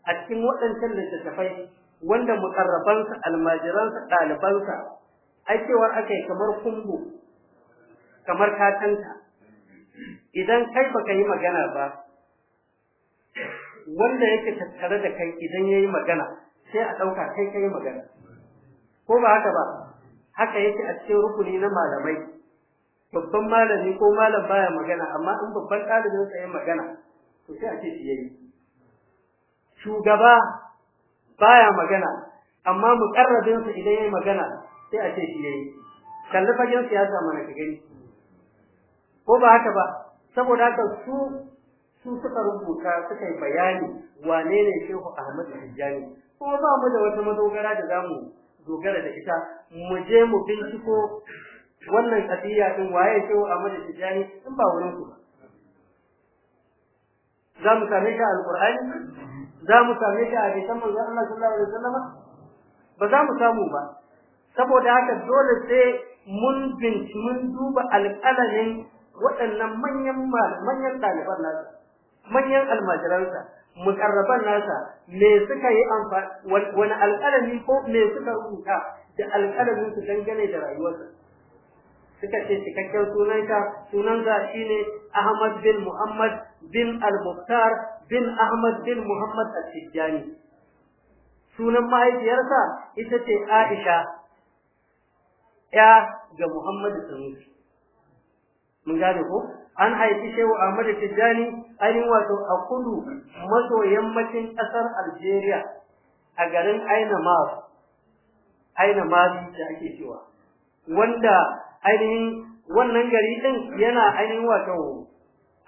a cikin waɗancan littattafai wanda mukarrabansa almajiransa ɗalibansa ai aka yi kamar kumbu kamar katanta, idan kai baka yi magana ba wanda yake tattare da kai idan ya yi magana sai a ɗauka kai ka yi magana ko ba haka ba haka yake a cikin rukuni na malamai babban malami ko malam baya magana amma in babban ɗalibin sa yi magana to sai a ce shi yayi shugaba baya magana amma muqarrabin sa idan yi magana sai a ce shi yi. kalli fagen siyasa mana ka gani ko ba haka ba saboda haka su su suka rubuta suka yi bayani wane ne Shehu Ahmad Tijjani kuma ba mu da wata madogara da zamu dogara da ita mu je mu binciko wannan kadiya din waye Shehu Ahmad Tijjani in ba wurin ku za mu same shi alqur'ani za mu same shi a hadisan manzon Allah sallallahu alaihi wasallam ba za mu samu ba saboda haka dole sai mun binci mun duba alƙalamin waɗannan manyan manyan ɗaliban nasa manyan almajiransa mukarraban nasa me suka yi amfani wani alƙalami ko me suka rubuta da alƙalamin su dangane da rayuwarsa suka ce cikakken sunanka shi ne Ahmad bin Muhammad bin Al-Mukhtar bin Ahmad bin Muhammad Al-Tijjani sunan mahaifiyarsa ita ce Aisha ya ga Muhammadu Sanusi mun gane ko an haifi Shehu Ahmadu Tijjani ainihin wato a kudu maso yammacin ƙasar Algeria a garin Aina Ainamar da ake cewa wanda ainihin wannan gari din yana ainihin wato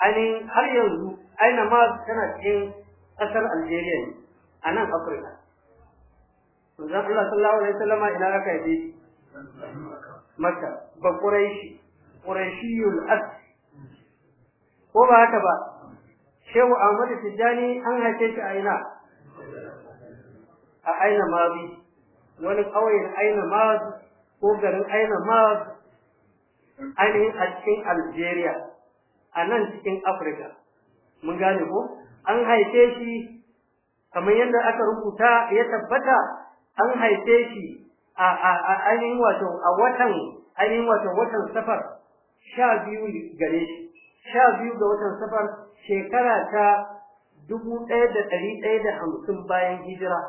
ainihin har yanzu Aina Ainamar tana cikin ƙasar Algeria ne a nan Afirka. Manzon Allah sallallahu alaihi sallama ina aka yi maka ba quraishi quraishiyul as ko ba haka ba shehu ahmad Tijjani an haife shi a ina a aina mazi wani ƙauyen aina mazi ko garin aina mazi ainihin a cikin algeria a nan cikin afirka mun gane ko an haife shi kamar yadda aka rubuta ya tabbata an haife shi a ainihin wato a watan ainihin wato watan safar sha biyu gare shi sha biyu ga watan safar shekara ta dubu ɗaya da ɗari ɗaya da hamsin bayan hijira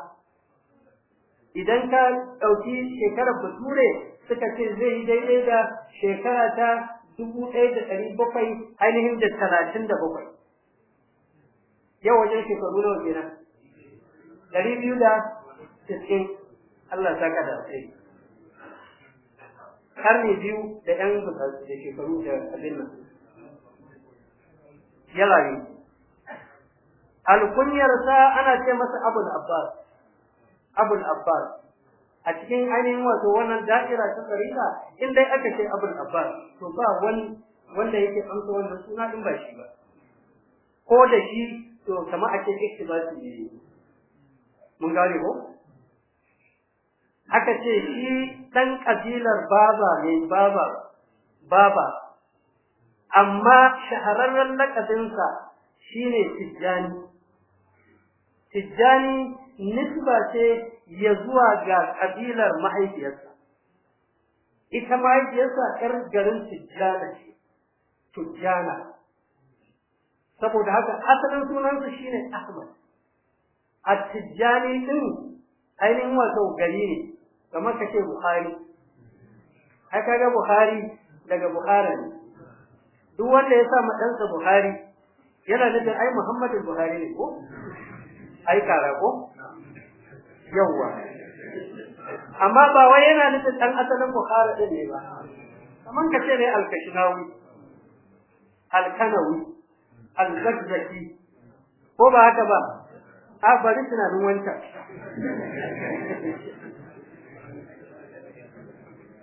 idan ka ɗauki shekarar bature suka ce zai yi daidai da shekara ta dubu ɗaya da ɗari bakwai ainihin da talatin da bakwai yau wajen shekaru nawa kenan ɗari biyu da tisin Allah saka da sai. karni biyu da ƴan da shekaru da abin nan ya rayu alkunyarsa ana ce masa abul abbas abul abbas a cikin ainihin wato wannan da'ira ta tsarika in dai aka ce abul abbas to ba wani wanda yake amsa wannan suna in ba shi ba ko da shi to kamar a ce iktibasi ne mun gane ko aka ce shi ɗan ƙabilar baba ne baba baba amma shahararren shi shine tijjani tijjani nisba ce ya zuwa ga ƙabilar mahaifiyarsa ita mahaifiyarsa yar garin tijjana ce tijjana saboda haka asalin sunansa shine ahmad a tijjani din ainihin wato gari ne kamar ka ce buhari ai kaga buhari daga buhara ne duk wanda ya sa ma ɗansa buhari yana nufin ai muhammadin buhari ne ko ai kara ko yawwa amma ba wai yana nufin ɗan asalin buhari ɗin ne ba kamar ka ce ne alkashinawi alkanawi alzazzaki ko ba haka ba a bari tunanin wancan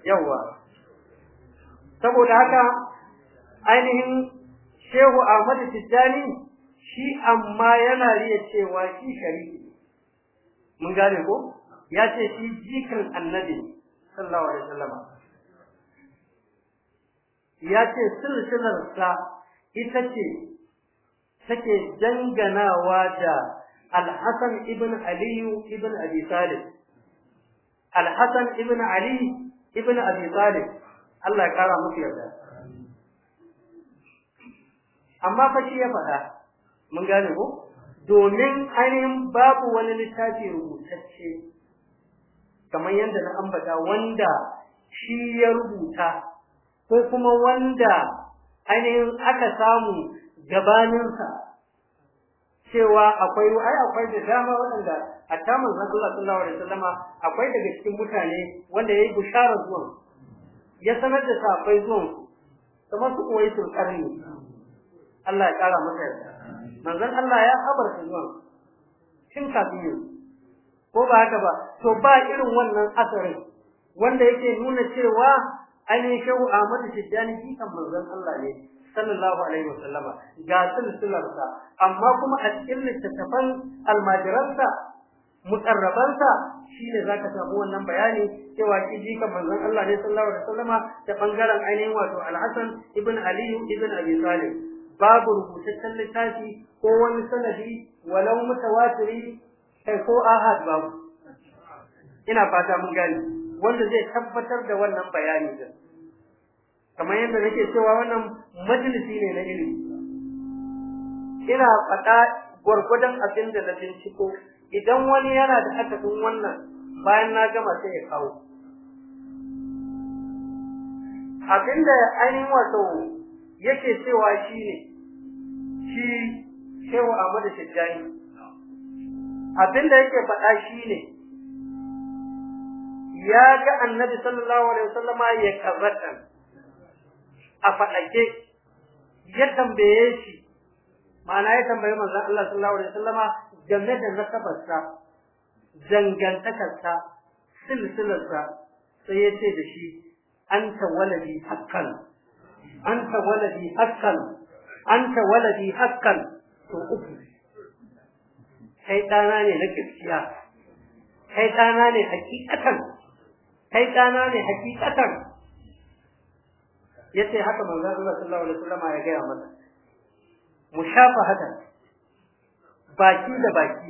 yawa saboda haka ainihin shehu ahmadu tijjani shi amma yana riya cewa shi shari'i mun gane ko ya ce shi jikin annabi sallallahu alaihi wasallam ya ce silsilarsa ita ce take danganawa da الحسن ابن علي ابن أبي طالب الحسن ابن علي ابن أبي طالب الله يقرأ yarda. amma fa shi ya faɗa mun gane ko domin ainihin babu wani littafi rubutacce kamar yadda na ambata wanda shi ya rubuta ko kuma wanda ainihin aka samu gabaninsa cewa akwai ai akwai da dama waɗanda a ta manzon sallallahu alaihi wasallama akwai daga cikin mutane wanda yayi bushara zuwa, ya sanar da safai zuwan kuma su koyi sun karni Allah ya kara masa yarda manzon Allah ya habarta zuwan cin kafin yau ko ba haka ba to ba irin wannan asarin wanda yake nuna cewa an yi shehu Ahmadu Tijjani kikan manzon Allah ne sallallahu alaihi wasallama ga silsilarsa amma kuma a cikin littattafan almajiransa mutarrabansa shine ka samu wannan bayani cewa kiji kan manzon Allah ne sallallahu alaihi wasallama ta bangaren ainihin wato al-Hasan ibn Ali ibn Abi Talib babu rubutaccen littafi ko wani sanadi walau mutawatiri kai ko ahad babu ina fata mun gani wanda zai tabbatar da wannan bayani din kamar yadda nake cewa wannan majalisi ne na ilimi ina faɗa gwargwadon abin da na binciko idan wani yana da akadin wannan bayan na gama sai ya kawo abin da ainihin wato yake cewa shi ne shi shehu Ahmadu Shijjani abin da yake faɗa shi ne ya ga annabi sallallahu alaihi wasallama ya kazatan a faɗake ya tambaye shi ma'ana ya tambayi manzon Allah sallallahu alaihi Sallama, game da nasabarsa dangantakarsa silsilarsa sai ya ce da shi anta waladi hakkan anta waladi hakkan anta waladi hakkan to uku kai ɗana ne na gaskiya kai ɗana ne hakikatan kai ɗana ne hakikatan yace haka manzon Allah sallallahu alaihi wasallam ya gaya masa haka. baki da baki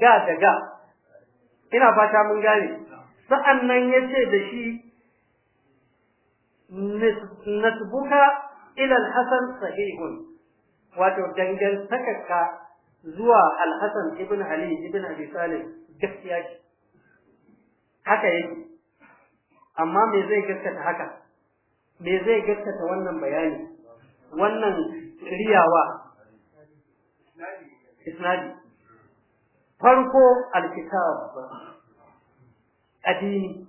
ga da ga ina fata mun gane sa'annan yace da shi nasbuka ila al-hasan sahihun wato sakaka zuwa al-hasan ibn ali ibn abi salih gaskiya haka yake amma me zai gaskata haka me zai gaskata wannan bayani wannan riyawa isnadi farko alkitab addini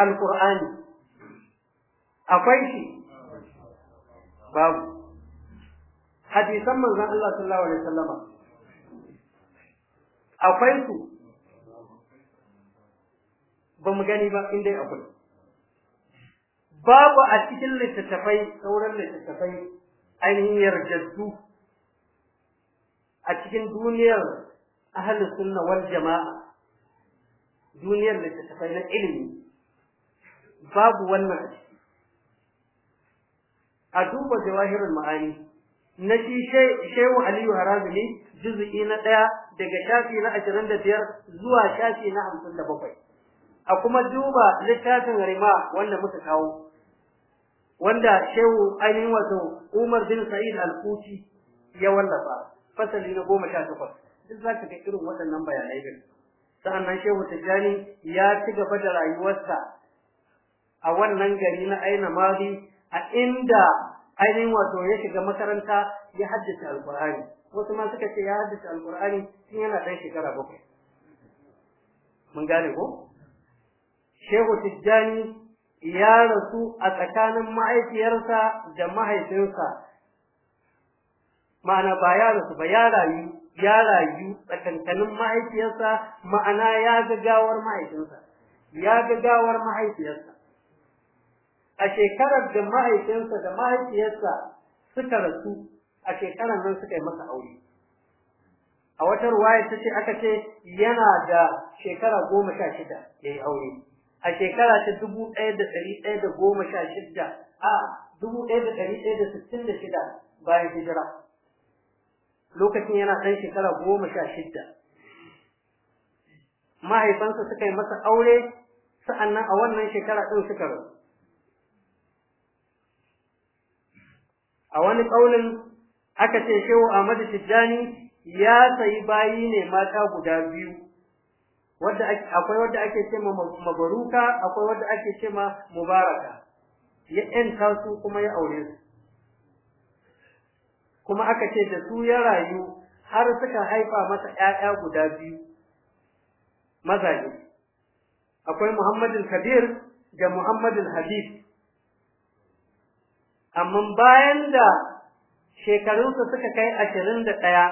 alqur'ani akwai shi babu hadisan manzon Allah sallallahu alaihi wasallam akwai su ba mu gani ba inda akwai babu a cikin littattafai sauran littattafai ainihin yarjaddu a cikin duniyar ahalin sunna wal jama'a duniyar littattafai na ilimi babu wannan a ciki a duba jawahirul ma'ani na shi shehu aliyu harazumi juz'i na ɗaya daga shafi na ashirin da biyar zuwa shafi na hamsin da bakwai a kuma duba littafin rima wanda muka kawo wanda shehu ainihin wato Umar bin Sa'id al-Kuti ya wallafa fasali na 18 duk zaka ga irin waɗannan bayanai din sa'annan shehu Tijjani ya ci gaba da rayuwarsa a wannan gari na Aina Madi a inda ainihin wato ya shiga makaranta ya haddace qurani wasu ma suka ce ya haddace qurani tun yana ɗan shekara bakwai mun gane ko shehu Tijjani ya rasu a tsakanin ma'aikiyarsa da mahaifinsa ma'ana ba ya rasu ba ya rayu ya rayu tsakankanin mahaifiyarsa ma'ana ya gagawar gawar mahaifinsa ya gagawar gawar mahaifiyarsa a shekarar da mahaifinsa da mahaifiyarsa suka rasu a shekarar nan suka yi masa aure a wata ruwaya ta ce aka ce yana da shekara goma sha shida ya yi aure a shekara ta dubu ɗaya da ɗaya da goma sha a dubu ɗaya da ɗaya da sittin da shida bayan hijira lokacin yana ɗan shekara goma sha mahaifansa suka yi masa aure sa'annan a wannan shekara ɗin suka rasu a wani kaulin aka ce shehu Ahmadu Tijjani ya sayi bayi ne mata guda biyu wadda akwai wadda ake ce ma mabaruka akwai wadda ake ce mubaraka ya ɗan kasu kuma ya aure su kuma aka ce da su ya rayu har suka haifa masa ƴaƴa guda biyu mazaje akwai Muhammadu Kabir da Muhammadu Habib amma bayan da shekarunsa suka kai ashirin da ɗaya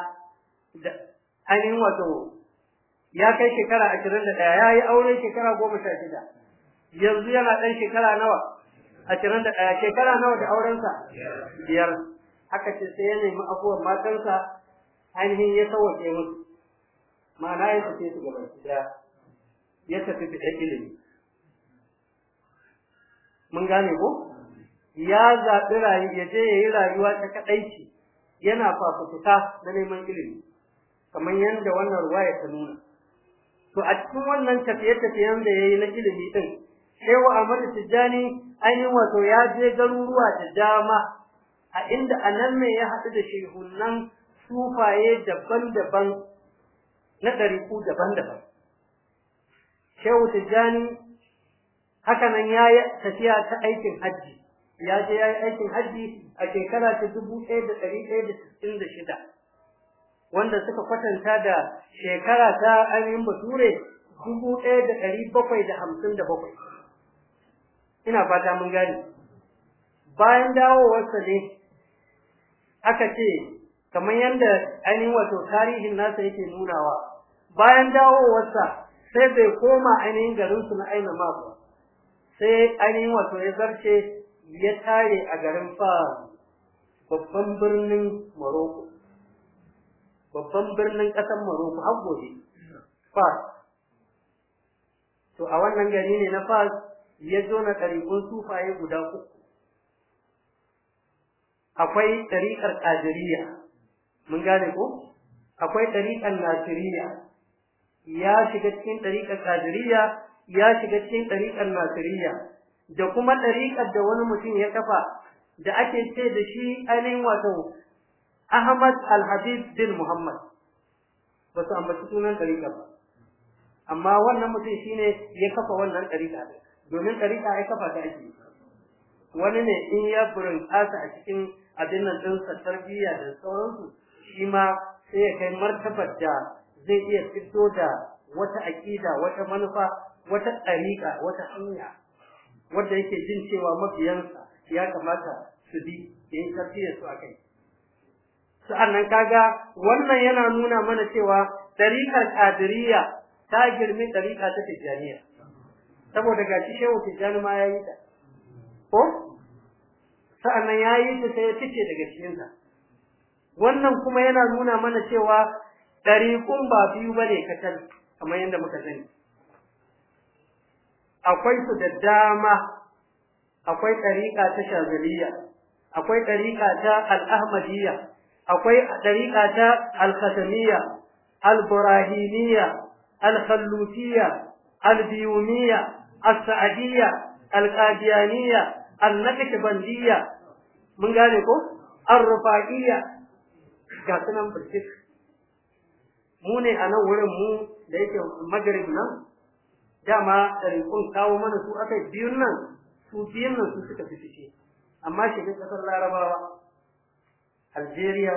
da ainihin wato ya kai shekara ashirin da ɗaya ya yi aure shekara goma yanzu yana ɗan shekara nawa ashirin da ɗaya shekara nawa da aurensa biyar haka ce sai ya nemi abubuwan matansa ainihin ya sauwaƙe musu ma'ana ya tafi su gaba da ya tafi da ilimi mun gane ko ya zaɓi rayu ya je ya yi rayuwa ta kaɗaici yana fafutuka na neman ilimi kamar yadda wannan ruwa ya ta nuna to a cikin wannan tafiye-tafiyen da ya yi na ilimi ɗin sai wa Ahmadu Tijjani ainihin wato ya je garuruwa da dama a inda anan mai ne ya haɗu da shehunan sufaye daban-daban na ɗariku daban-daban. Shehu Tijjani haka nan ya yi tafiya ta aikin hajji ya je ya yi aikin hajji a shekara ta dubu ɗaya da ɗari ɗaya da sittin da shida wanda suka kwatanta da shekara ta ainihin bature dubu ɗaya da bakwai da hamsin da bakwai ina fata mun gane bayan wasu ne aka ce kamar yadda ainihin wato tarihin nasa yake nunawa bayan wasu sai bai koma ainihin garinsu na aina ba sai ainihin wato ya zarce ya tare a garin fa babban birnin Morocco babban birnin ƙasar Morocco har gobe Fas to a wannan gari ne na Fas ya zo na ɗariƙun sufaye guda uku akwai ɗariƙar ƙadiriya mun gane ko akwai ɗariƙar nasiriya ya shiga cikin ɗariƙar ƙadiriya ya shiga cikin ɗariƙar nasiriya da kuma ɗariƙar da wani mutum ya kafa da ake ce da shi ainihin wato Ahmad Al-Habib bin Muhammad ba su ambaci sunan ɗariƙa ba amma wannan mutum shi ne ya kafa wannan ɗariƙa domin ɗariƙa ya kafa ta ake wani ne in ya burin ƙasa a cikin abin nan ɗin tarbiyya da sauransu shi ma sai ya kai martabar da zai iya fito da wata aƙida wata manufa wata ɗariƙa wata hanya wadda yake jin cewa mafiyansa ya kamata su bi in yin tarbiyyar su a kai sa'annan kaga wannan yana nuna mana cewa dariƙar qadiriyya ta girme dariƙa ta tijaniya saboda ga shi shehu tijani ma yayi ta ko sa'annan yayi ta sai ya fice daga cikin ta wannan kuma yana nuna mana cewa tariqun ba biyu bane katal kamar yadda muka sani akwai su da dama akwai ɗariƙa ta shazaliya akwai ɗariƙa ta al'ahmadiyya akwai ɗariƙa ta alkhatamiyya alburahimiyya alkhallutiyya albiyumiyya as-sa'adiyya alqadiyaniyya mun gane ko ar-rufa'iyya ga sunan burtik mu ne a nan wurin mu da yake magarib nan dama ɗariƙun kawo mana su aka biyun nan su biyun nan su suka fi fice amma shiga ƙasar larabawa Algeria,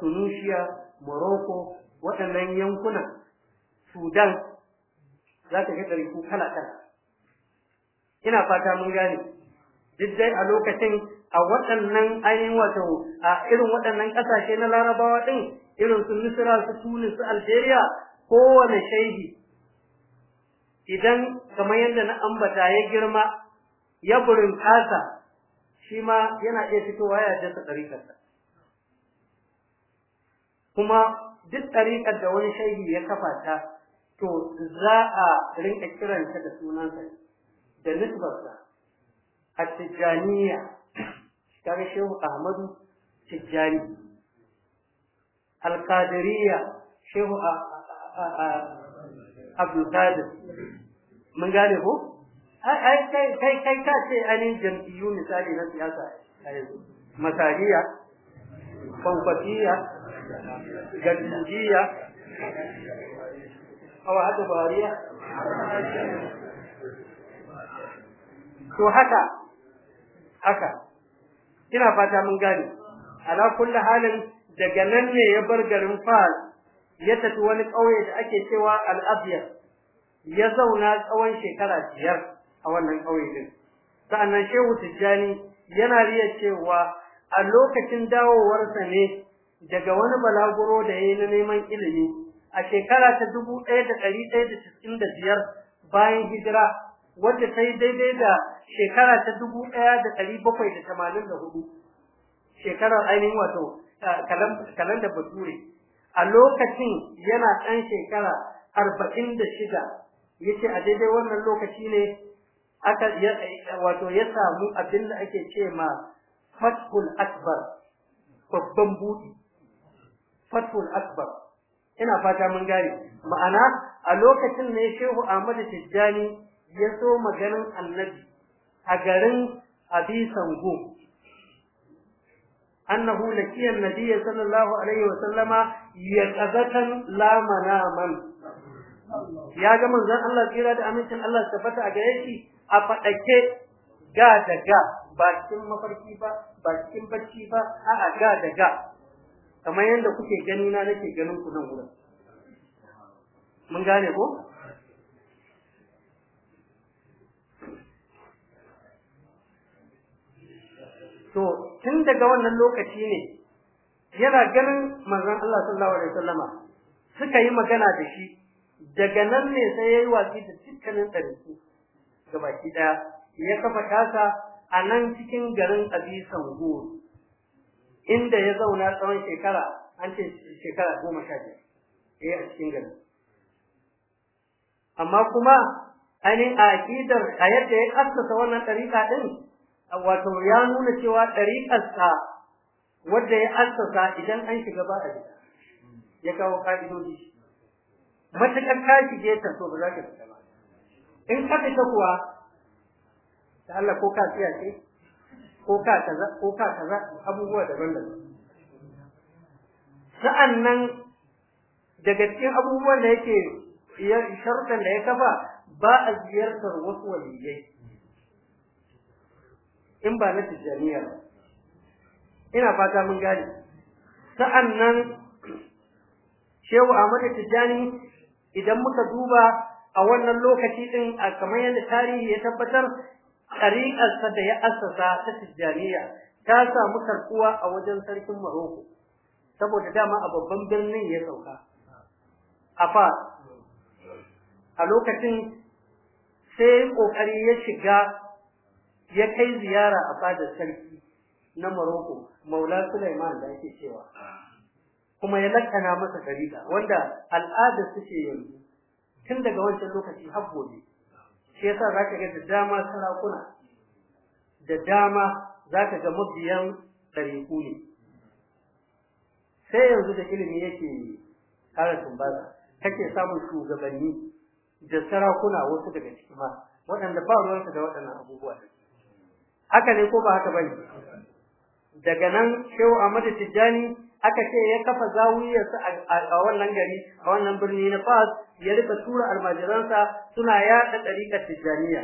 Tunisia, Morocco, waɗannan yankuna, Sudan, za ka gaɗa riku kala kala. Ina fata mun gane, duk dai a lokacin a waɗannan ainihin wato a irin waɗannan ƙasashe na larabawa ɗin irin su Misira, su Tunis, su Algeria, kowane shaidi idan kamar yadda na ambata ya girma ya burin kasa shi ma yana iya fitowa ya jasa ɗarikarsa. kuma duk ɗariƙar da wani shaidi ya kafa ta to za a rinka kiranta da sunansa da nisbarsa a tijjaniya kaga shehu ahmadu tijjani alkadiriya shehu abdulkadir mun gane ko kai kai ka ce anin jam'iyyu misali na siyasa a yanzu masariya kwamfatiya جنجية أو حتى بارية to haka ina fata mun gane ala kullu halin daga nan ne ya bar garin Fal ya tafi wani ƙauye da ake cewa al ya zauna tsawon shekara biyar a wannan ƙauye din sa'annan Shehu Tijjani yana riya cewa a lokacin dawowarsa ne daga wani balaguro da yayi na neman ilimi a shekara ta 1165 bayan hijira wanda ta yi daidai da shekara ta 1784 shekarar ainihin wato kalandar bature a lokacin yana ɗan shekara 46 yace a daidai wannan lokaci ne aka wato ya samu abin da ake ce ma akbar babban buɗi fatul akbar ina fata mun gane ma'ana a lokacin ne shehu Ahmadu Tijjani ya so maganin annabi a garin abisan go annahu lakiyan nabiyyi sallallahu alaihi wa sallama yaqazatan la manaman ya ga manzon Allah tsira da amincin Allah tabbata a gare shi a fadake ga daga ba cikin mafarki ba ba cikin bacci ba a ga daga kamar yadda kuke gani na nake ganin ku nan wurin mun gane ko to tun daga wannan lokaci ne yana ganin manzon Allah sallallahu alaihi wasallama suka yi magana da shi daga nan ne sai yayi watsi da dukkanin ɗariku gabaki ɗaya ya kafa tasa a nan cikin garin abisan Sangur inda ya zauna tsawon shekara an ce shekara goma sha biyar ya eh, a cikin gari amma kuma ani a aƙidar a yadda ya ƙasasa wannan ɗariƙa ɗin wato ya nuna cewa ɗariƙarsa wadda ya assasa idan an shiga ba a ya kawo ƙa'idodi matuƙar ka shige ta so ba za ka fita ba in ka fita kuwa ta Allah ko ka tsaya ce ko ka kaza ko ka kaza abubuwa daban-daban sa'annan daga cikin abubuwan da yake sharuɗan da ya kafa ba a ziyartar wasu waliyai in ba na tijjaniya ba ina fata mun gane sa'annan shehu Ahmad Tijjani idan muka duba a wannan lokaci din kamar yadda tarihi ya tabbatar ɗariƙarsa da ya asasa ta tijjaniya ta samu karɓuwa a wajen sarkin Maroko saboda dama a babban birnin ya sauka a fa a lokacin sai ƙoƙari ya shiga ya kai ziyara a fadar sarki na Maroko Maula Sulaiman da ake cewa kuma ya lakana masa ɗariƙa wanda al'ada suke yanzu tun daga wancan lokaci har gobe shi yasa zaka ga da dama sarakuna da dama zaka ga mabiyan tariku ne sai yanzu da ilimi yake ƙara tumbata kake samun shugabanni da sarakuna wasu daga ciki ma waɗanda ba ruwansa da waɗannan abubuwa haka ne ko ba haka bane daga nan shehu Ahmadu Tijjani aka ce ya kafa su a wannan gari a wannan birni na Fas ya rika tura almajiransa suna yaɗa ɗariƙar Tijjaniya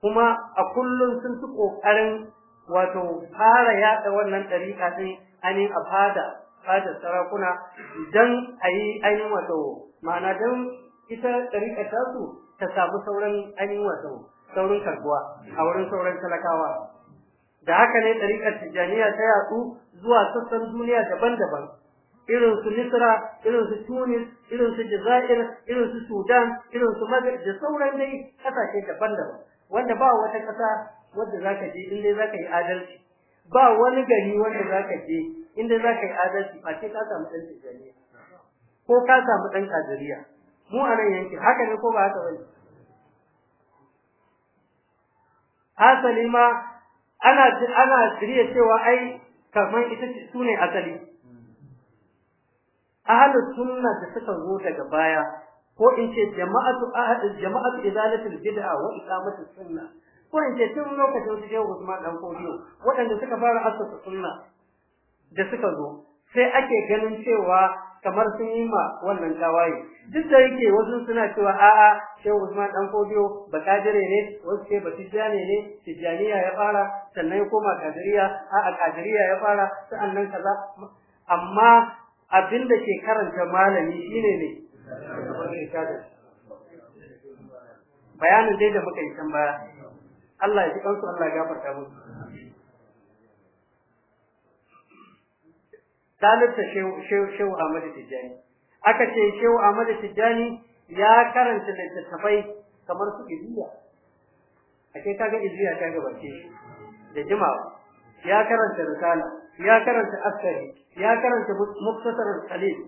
kuma a kullum sun fi ƙoƙarin wato fara yaɗa wannan ɗariƙa ɗin ainihin a fada fada sarakuna don a yi ainihin wato ma'ana don ita ɗariƙar tasu ta samu sauran ainihin wato saurin karbuwa a wurin sauran talakawa da haka ne ɗariƙar tijjaniya ta yatsu zuwa sassan duniya daban-daban irin su nisra irin su tunis irin su jazair irin su sudan irin su maghrib da sauran dai ƙasashe daban-daban wanda ba wata ƙasa wadda ka je inda za ka yi adalci ba wani gari wanda za ka je inda za ka yi adalci ba ce ka samu ɗan tijjaniya ko ka samu ɗan kajiriya mu a nan yanki haka ne ko ba haka bane hasali ma ana ana shirye cewa ai kamar ita ce su ne asali ahlus sunna da suka zo daga baya ko in ce jama'atu ahlul jama'atu idalatul bid'a wa iqamatu sunna ko in ce tun lokacin su shehu Usman dan Kofiyo waɗanda suka fara asasa sunna da suka zo sai ake ganin cewa kamar sun yi ma wannan tawaye duk da yake wasu suna cewa a'a shehu usman dan ba kadire ne wasu ce batijani ne tijjaniya ya fara sannan ya koma kadiriya a'a kadiriya ya fara sa'annan kaza amma abin da ke karanta malami shine ne bayanin dai da muka yi tambaya baya Allah ya ji kansu Allah ya gafarta musu dalibta shehu Ahmadu Tijjani aka ce shehu Ahmadu Tijjani ya karanta littattafai kamar su Iziya ake kaga Iziya ta gabace shi da jimawa ya karanta risala ya karanta asari ya karanta muktasar al-qalil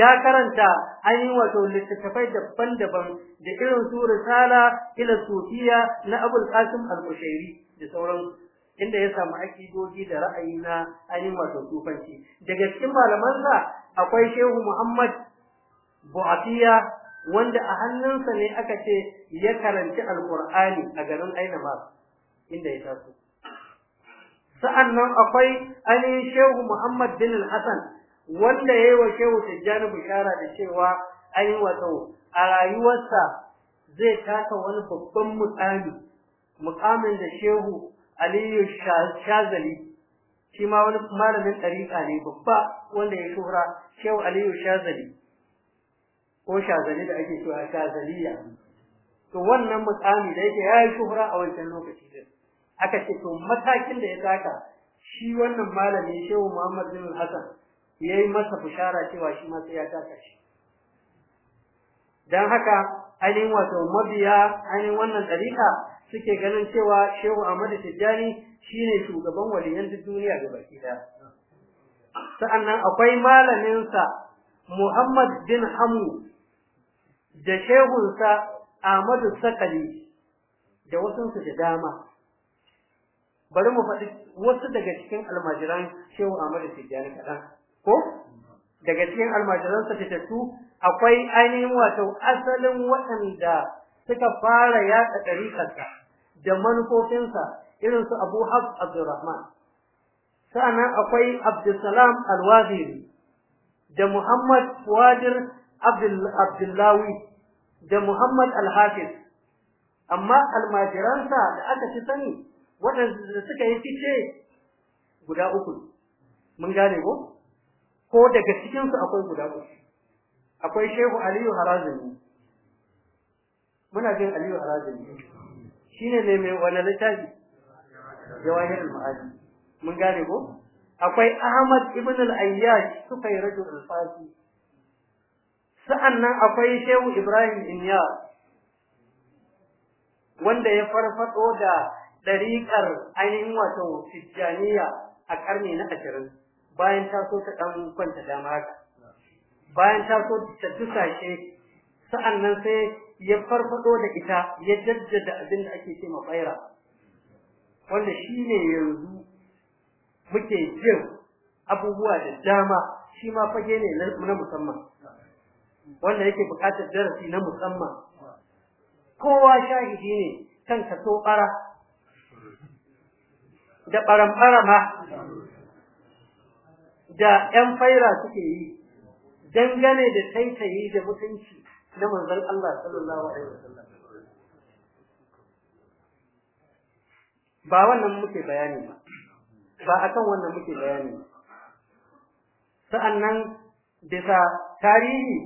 ya karanta ainihin wato littattafai daban-daban da irin su risala ila sufiya na Abul Qasim al-Qushairi da sauransu inda ya samu akidoji da ra'ayi na ainihin wato daga cikin malamansa akwai shehu muhammad Bu'atiya wanda a hannunsa ne aka ce ya karanci alqur'ani a garin ainama inda ya taso sa'annan akwai ainihin shehu muhammad bin al-hasan wanda yayi wa shehu tijjani bishara da cewa yi wato a rayuwarsa zai taka wani babban mukami mukamin da shehu aliyu shazali shi ma wani malamin ɗariƙa ne babba wanda ya shura shehu aliyu shazali ko shazali da ake cewa shazaliya to wannan mutsami da yake ya yi shuhura a wancan lokaci din aka ce to matakin da ya saka shi wannan malami shehu muhammad bin hassan ya yi masa bishara cewa shi ma sai ya taka shi don haka ainihin wato mabiya ainihin wannan ɗariƙa suke ganin cewa Shehu Ahmad Tijjani shine shugaban waliyan duniya ga baki daya sa'annan akwai malamin sa Muhammad bin Hamu da shehunsa Ahmad Sakali da su da dama bari mu faɗi wasu daga cikin almajiran Shehu Ahmadu Tijjani kaɗan ko daga cikin almajiransa fitattu akwai ainihin wato asalin waɗanda suka fara yaɗa ɗariƙarsa da manufofinsa irin su Abu Hafs Abdurrahman sannan akwai Abdulsalam Alwaziri da Muhammad Wadir Abdullawi da Muhammad Alhafiz amma almajiransa da aka fi sani waɗanda suka yi fice guda uku mun gane ko ko daga cikinsu akwai guda uku akwai Shehu Aliyu Harazimi muna jin Aliyu Harazimi shine ne mai wani littafi al ma'ani mun gane ko akwai Ahmad ibn al-Ayyash sufai rajul al-Fasi sa'annan akwai Shehu Ibrahim Inya wanda ya farfado da dariƙar ainihin wato Tijjaniya a karni na 20 bayan ta so ta dan kwanta dama haka bayan ta so ta tusashe sa'annan sai ya farfado da ita ya jaddada abin da ake cewa bayra wanda shine yanzu muke jin abubuwa da dama shi ma fage ne na musamman wanda yake buƙatar darasi na musamman kowa shahidi ne kan so bara da barambara ma da 'yan faira suke yi dangane da taitaye da mutunci na manzan Allah sallallahu alaihi wasallam ba wannan muke bayani ba ba akan wannan muke bayani ba sa'annan bisa tarihi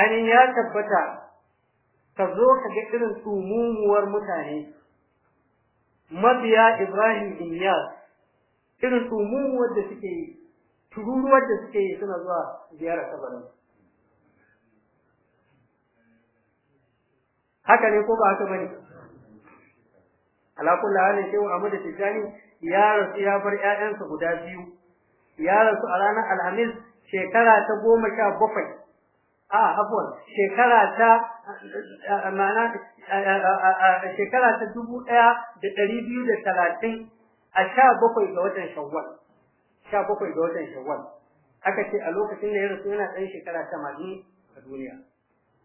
anin ya tabbata ka zo ka ga irin tsumumuwar mutane mabiya Ibrahim Inyas irin tsumumuwar da suke yi tururuwar da suke yi suna zuwa ziyarar kabarin haka ne ko ba haka bane ne kullu halin shehu da Tijani ya rasu ya bar ƴaƴansa guda biyu ya rasu a ranar Alhamis shekara ta goma sha bakwai a afwan shekara ta ma'ana shekara ta dubu ɗaya da ɗari biyu da talatin a sha bakwai ga watan shawwal sha bakwai ga watan shawwal aka ce a lokacin da ya rasu yana ɗan shekara tamanin a duniya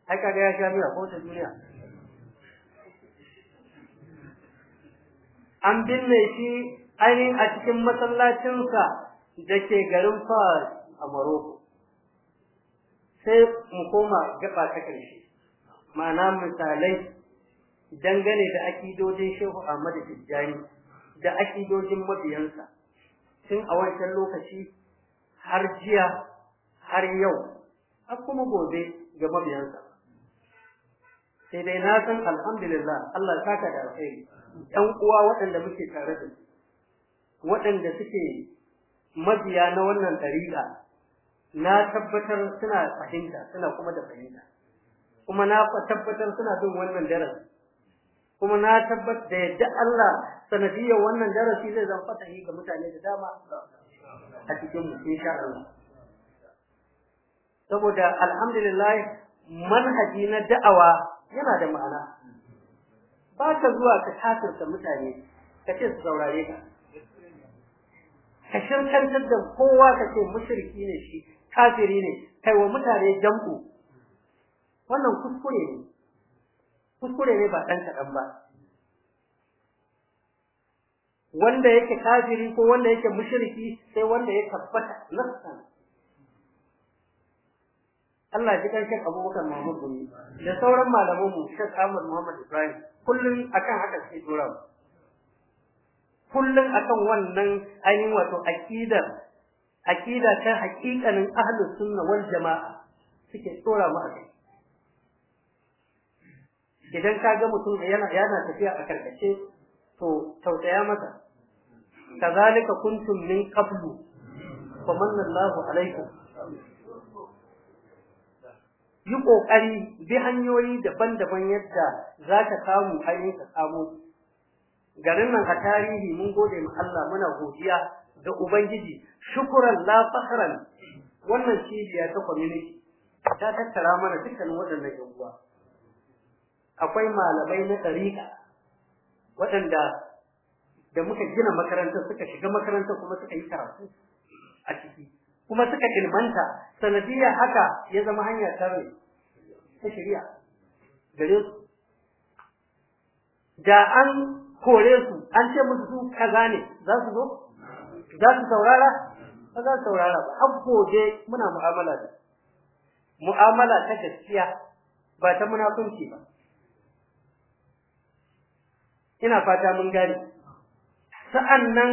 aka ga ya sha a kowace duniya an binne shi ainihin a cikin masallacinsa da ke garin Fars a Maroko. Sai mu koma gaba ta ƙarshe, ma'ana misalai dangane da akidojin Shehu ahmadu Tijjani da akidojin mabiyansa tun a wancan lokaci har jiya har yau a kuma gobe ga mabiyansa. Sai dai na san alhamdulillah Allah saka da alkhairi. ɗan uwa waɗanda muke tare da waɗanda suke mabiya na wannan ɗariƙa na tabbatar suna fahimta suna kuma da fahimta kuma na tabbatar suna bin wannan darasi kuma na tabbatar da yadda Allah sanadiyar wannan darasi zai zan fatahi ga mutane da dama a cikin mutum sha saboda alhamdulillah manhaji na da'awa yana da ma'ana ba ka zuwa ka da mutane ka ce su saurare ka ka shirkantar da kowa ka ce mushriki ne shi kafiri ne kai wa mutane jam'u wannan kuskure ne kuskure ne ba ɗan kaɗan ba wanda yake kafiri ko wanda yake mushriki sai wanda ya tabbata nassan Allah ji kan Sheikh Abubakar Muhammad Buni da sauran malaman mu Sheikh Ahmad Muhammad Ibrahim kullun akan haka sai dora mu kullun akan wannan ainihin wato aqidar aqida ta haƙiƙanin ahlus sunna wal jama'a suke dora mu akai idan ka ga mutum yana yana tafiya a karkace to tausaya masa kazalika kuntum min qablu fa Allahu alaikum yi ƙoƙari bi hanyoyi daban-daban yadda za ka samu hanyar ka samu garin nan a tarihi mun gode ma Allah muna godiya da ubangiji shukuran la fahran wannan cibiya ta community ta tattara mana dukkan waɗannan yawa akwai malamai na ɗariƙa waɗanda da muka gina makarantar suka shiga makarantar kuma suka yi karatu a ciki kuma suka ilmanta sanadiyar haka ya zama hanya ta rai ta shari'a gare su da an kore su an ce musu su kaza ne za su zo za su saurara ba za su saurara ba an gobe muna mu'amala da mu'amala ta gaskiya ba ta munafunci ba ina fata mun gane sa'annan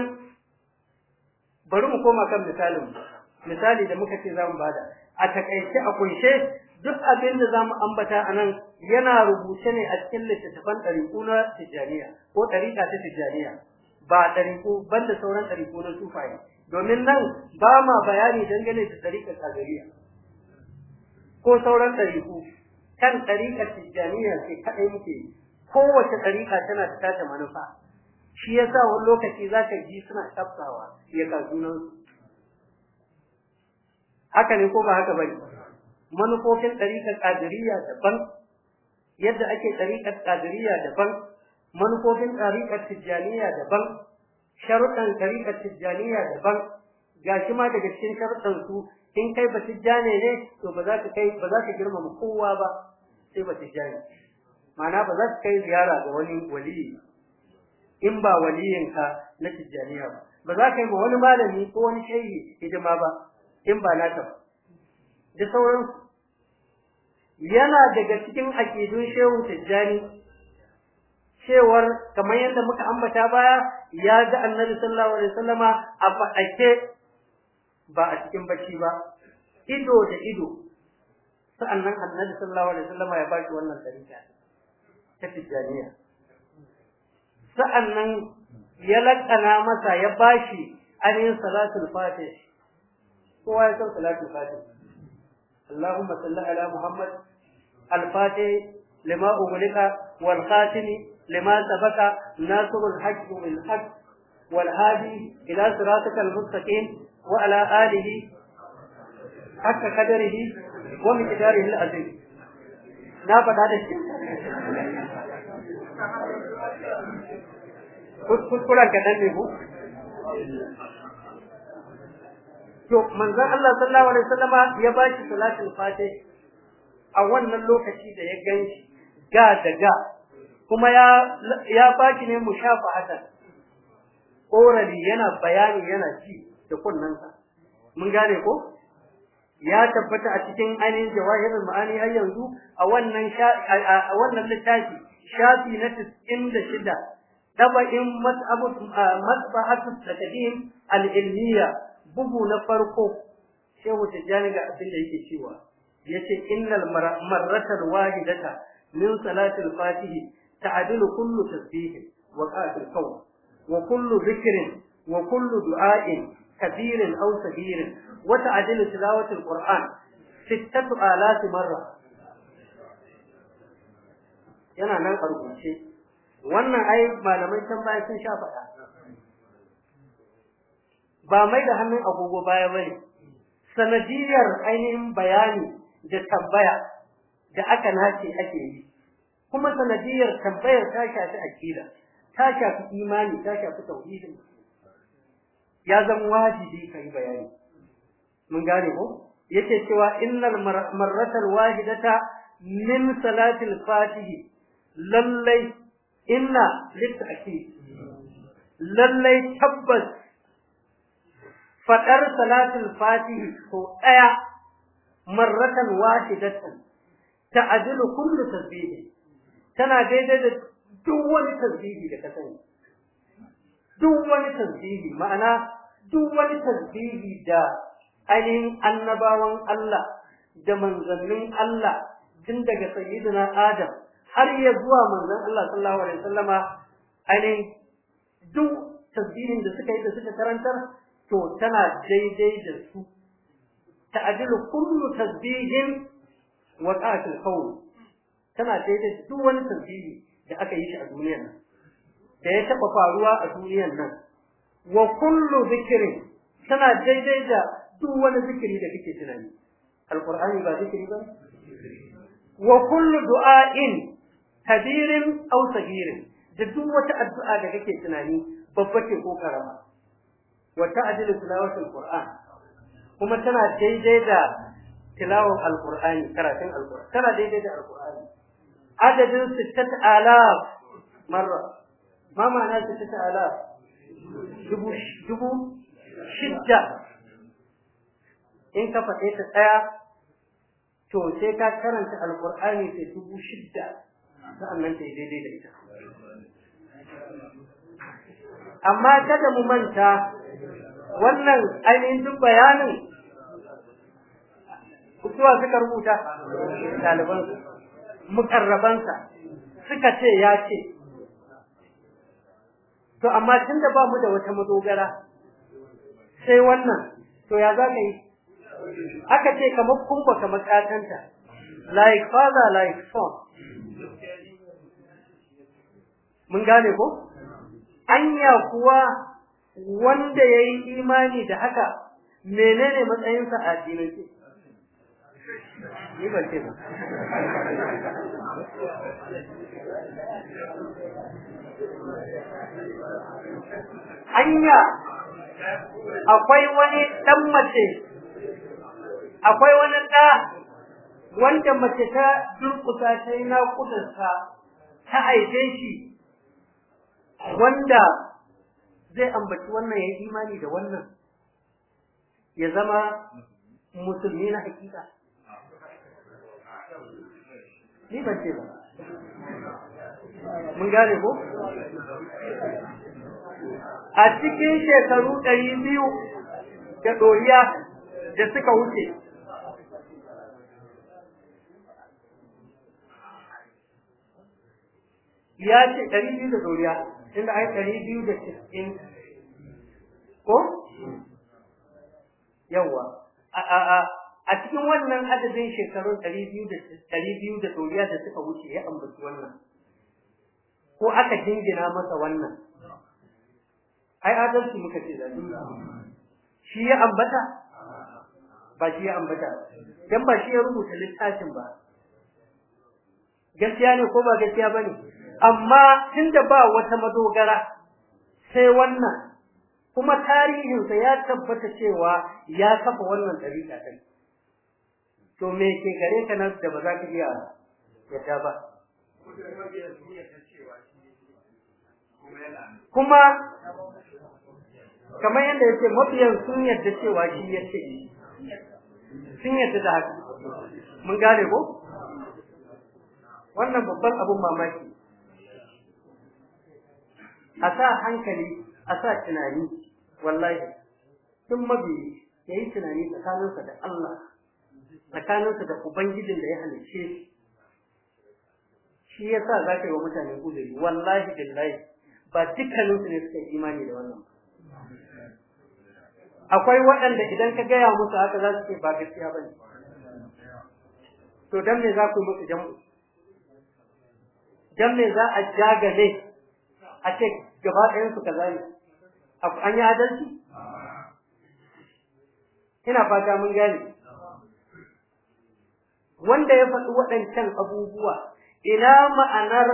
bari mu koma kan misalin mu misali da muka ce zamu bada a takaice a kunshe duk abin da zamu ambata anan yana rubuce ne a cikin littattafan ɗariƙu na tijaniya ko ɗariƙa ta tijaniya ba ɗariƙu banda sauran ɗariƙu na sufai domin nan ba ma bayani dangane da ɗariƙar kagariya ko sauran ɗariƙu kan ɗariƙar tijaniya ke kaɗai muke kowace ɗariƙa tana da tata manufa shi yasa wani lokaci zaka ji suna tsaftawa ya ka su haka ne ko ba haka bane manufofin tariƙar ƙadiriya daban yadda ake tariƙar ƙadiriya daban manufofin tariƙar Tijaniya daban sharuɗan tariƙar tijjaniya daban gashi ma daga cikin sharuɗan su in kai ba tijjane ne to ba za ka kai ba za ka girmama kowa ba sai ba tijjane ma'ana ba za ka kai ziyara ga wani waliyi in ba waliyinka na tijjaniya ba ba za ka yi ba wani malami ko wani shayi hidima ba in ba nata ba da sauransu yana daga cikin akidun shehu tijjani cewar kamar yadda muka ambata baya ya ga annabi sallallahu alaihi wasallama a faɗake ba a cikin bacci ba ido da ido sa'annan annabi sallallahu alaihi wasallama ya baki wannan tarika ta tijjaniya sa'annan ya lakana masa ya bashi ainihin salatul fatih kowa ya san salatul fatih Allahumma salli ala Muhammad al-fatih lima ughliqa wal khatimi lima sabaqa nasrul haqq bil haqq wal hadi ila siratikal mustaqim wa ala alihi haqqa qadarihi wa miqdarihi al-azim na faɗa da shi kuskuren kaɗan ne ku to manzon Allah sallallahu alaihi wasallama ya ba shi salatul fati a wannan lokaci da ya ganci ga da ga kuma ya ya baki ne mushafahatan orali yana bayani yana ci da sa mun gane ko ya tabbata a cikin ainihin jawahirul ma'ani har yanzu a wannan a wannan littafi shafi na 96 in mas'abatu matbahatu taqdim al-ilmiya bugu na farko shehu tijjani ga abin da yake cewa yace innal marratal wahidata min salatil fatihi ta'dilu kullu tasbihin wa qatil qawl wa kullu dhikrin wa kullu du'ain kabirin aw sagirin wa ta'dilu tilawatil qur'an sittatu alati marra yana nan a rubuce wannan ai malamai can baya sun sha ba mai da hannun agogo baya bane sanadiyar ainihin bayani da tambaya da aka nace ake yi kuma sanadiyar tambayar ta shafi akida ta shafi imani ta shafi tauhidin ya zama wajibi kai bayani mun gane ko yake cewa innal marratal wahidata min salatil fatihi lallai inna litakid lallai tabbas faɗar salatul fatihi ko ɗaya marratan wahidatan ta'dilu kullu tasbih tana daidai da duk wani tasbihi da ka sani duk wani tasbihi ma'ana duk wani tasbihi da ainihin annabawan Allah da manzannin Allah tun daga sayyidina Adam har ya zuwa manzan Allah sallallahu alaihi wasallama ainihin duk tasbihin da suka yi da suka karantar to tana daidai da su ta'dilu kullu tasbihin wa ta'atul qawl tana daidai duk wani tasbihi da aka yi shi a duniyar nan da ya taɓa faruwa a duniyar nan wa kullu zikirin tana daidai da duk wani zikiri da kake tunani alqur'ani ba zikiri ba wa kullu du'ain kabirin aw sagirin da duk wata addu'a da kake tunani babba ce ko karama wa ta'dilu tilawatul qur'an kuma tana daidai da tilawar alqur'ani karatun alqur'ani tana daidai da alqur'ani adadin 6000 marra ma ma'ana 6000 dubu dubu shidda in ka faɗe ta tsaya to sai ka karanta alqur'ani sai dubu shidda sa'annan ta yi daidai da ita amma kada mu manta wannan ainihin duk bayanin kusurwa suka rubuta ɗaliban mukarrabansa suka ce ya ce to amma tun da ba mu da wata madogara sai wannan to ya za ka yi aka ce kamar kumba kamar katanta like father like son mun gane ko anya kuwa wanda ya yi imani da haka menene matsayinsa a addinin ni ba ba anya akwai wani dan mace akwai wani da wanda mace ta durkusa ta yi naƙudarsa ta aike shi wanda zai ambaci wannan yayi imani da wannan ya zama musulmi na hakika ni ban ce ba mun gane ko a cikin shekaru ɗari biyu da ɗoriya da suka wuce ya ce ɗari biyu da ɗoriya tunda ai ɗari biyu da cikin ko yawa a cikin wannan adadin shekarun ɗari biyu da ɗari biyu da da suka wuce ya ambaci wannan ko aka jingina masa wannan ai adalci muka ce zai shi ya ambata ba shi ya ambata dan ba shi ya rubuta littafin ba gaskiya ne ko ba gaskiya bane amma tunda ba wata madogara sai wannan kuma tarihinsa ya tabbata cewa ya kafa wannan ɗabi'a ɗin to me ke gare ka nan da ba za ka iya yadda ba kuma kamar yadda ya ce mafiyan sun yadda cewa shi ya ce sun yadda da haka mun gane ko wannan babban abun mamaki a sa hankali a sa tunani wallahi tun mabi ya yi tunani tsakaninsa da Allah tsakaninsa da ubangijin da ya halice shi ya sa za ka yi wa mutane uzuri wallahi billahi ba dukkaninsu ne suka imani da wannan ba akwai waɗanda idan ka gaya musu haka za su ce ba gaskiya ba ne to dan me za ku musu jam'u dan me za a jagale a ce gaba ɗayan su kaza ne an yi adalci ina fata mun gane wanda ya faɗi waɗancan abubuwa ina ma'anar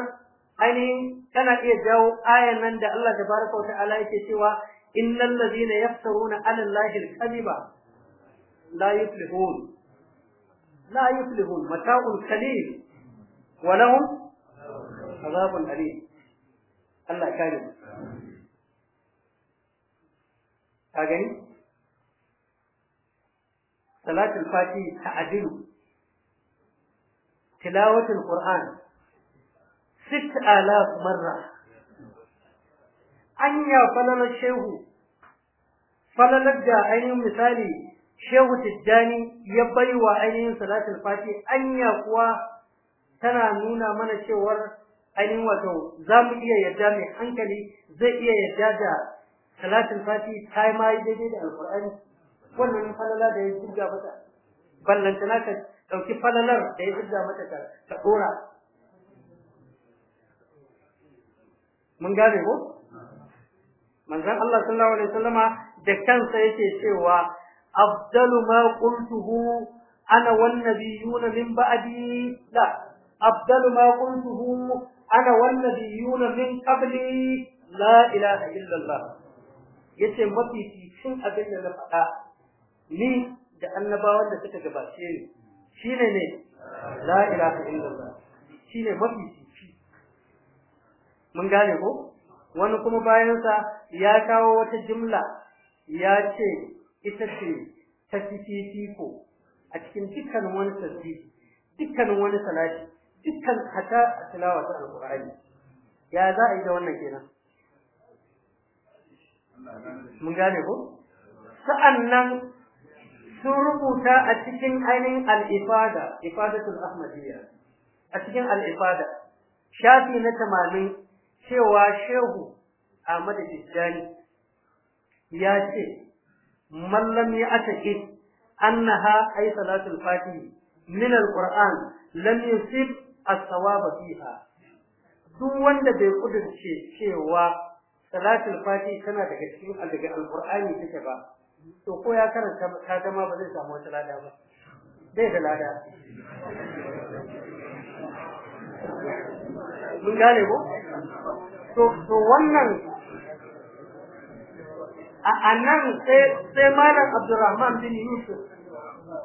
ainihin tana iya jawo ayan nan da Allah baraka wa ta'ala yake cewa innal ladina yaftaruna 'ala Allahi al-kadhiba la yuflihun la yuflihun mata'un qalil wa lahum azabun alim Allah ya kare mu ka gani salatul fati ta'dilu tilawatul qur'an 6000 marra anya falalar shehu falalar da ainihin misali shehu tijjani ya baiwa ainihin salatul fati anya kuwa tana nuna mana cewar ainihin wato za mu iya yarda mai hankali zai iya yarda da talatin fati ta yi ma daidai da alƙur'ani. wannan falala da ya jirga mata na ka ɗauki falalar da ya jirga mata ka ɗora mun gane ko manzon Allah sallallahu alaihi wasallama da kansa yake cewa afdalu ma qultuhu ana wan nabiyuna min ba'di la afdalu ma qultuhu ana wannan biyuna min qabli la ilaha illallah yace mafi cikin abin da na faɗa ni da annabawan da suka gabace ni shine ne la ilaha illallah shine mafi cikin mun gane ko wani kuma bayan sa ya kawo wata jimla ya ce ita ce ta fifiko a cikin dukkan wani tasbihi dukkan wani salati dukkan hata tilawa ta alqur'ani ya za a yi da wannan kenan mun gane ko sa'annan sun rubuta a cikin ainihin al'ifada, ifada ifadatul ahmadiyya a cikin al'ifada, shafi na tamanin cewa shehu Ahmad Tijjani ya ce mallam ya atake annaha ay salatul fatih min al-qur'an lam yusib as-sawaba fiha duk wanda bai kudurce cewa salatul fati tana daga cikin daga alqur'ani take ba to ko ya karanta ta dama ba zai samu wata lada ba bai da lada mun gane ko to to wannan a anan sai sai malam Abdurrahman bin Yusuf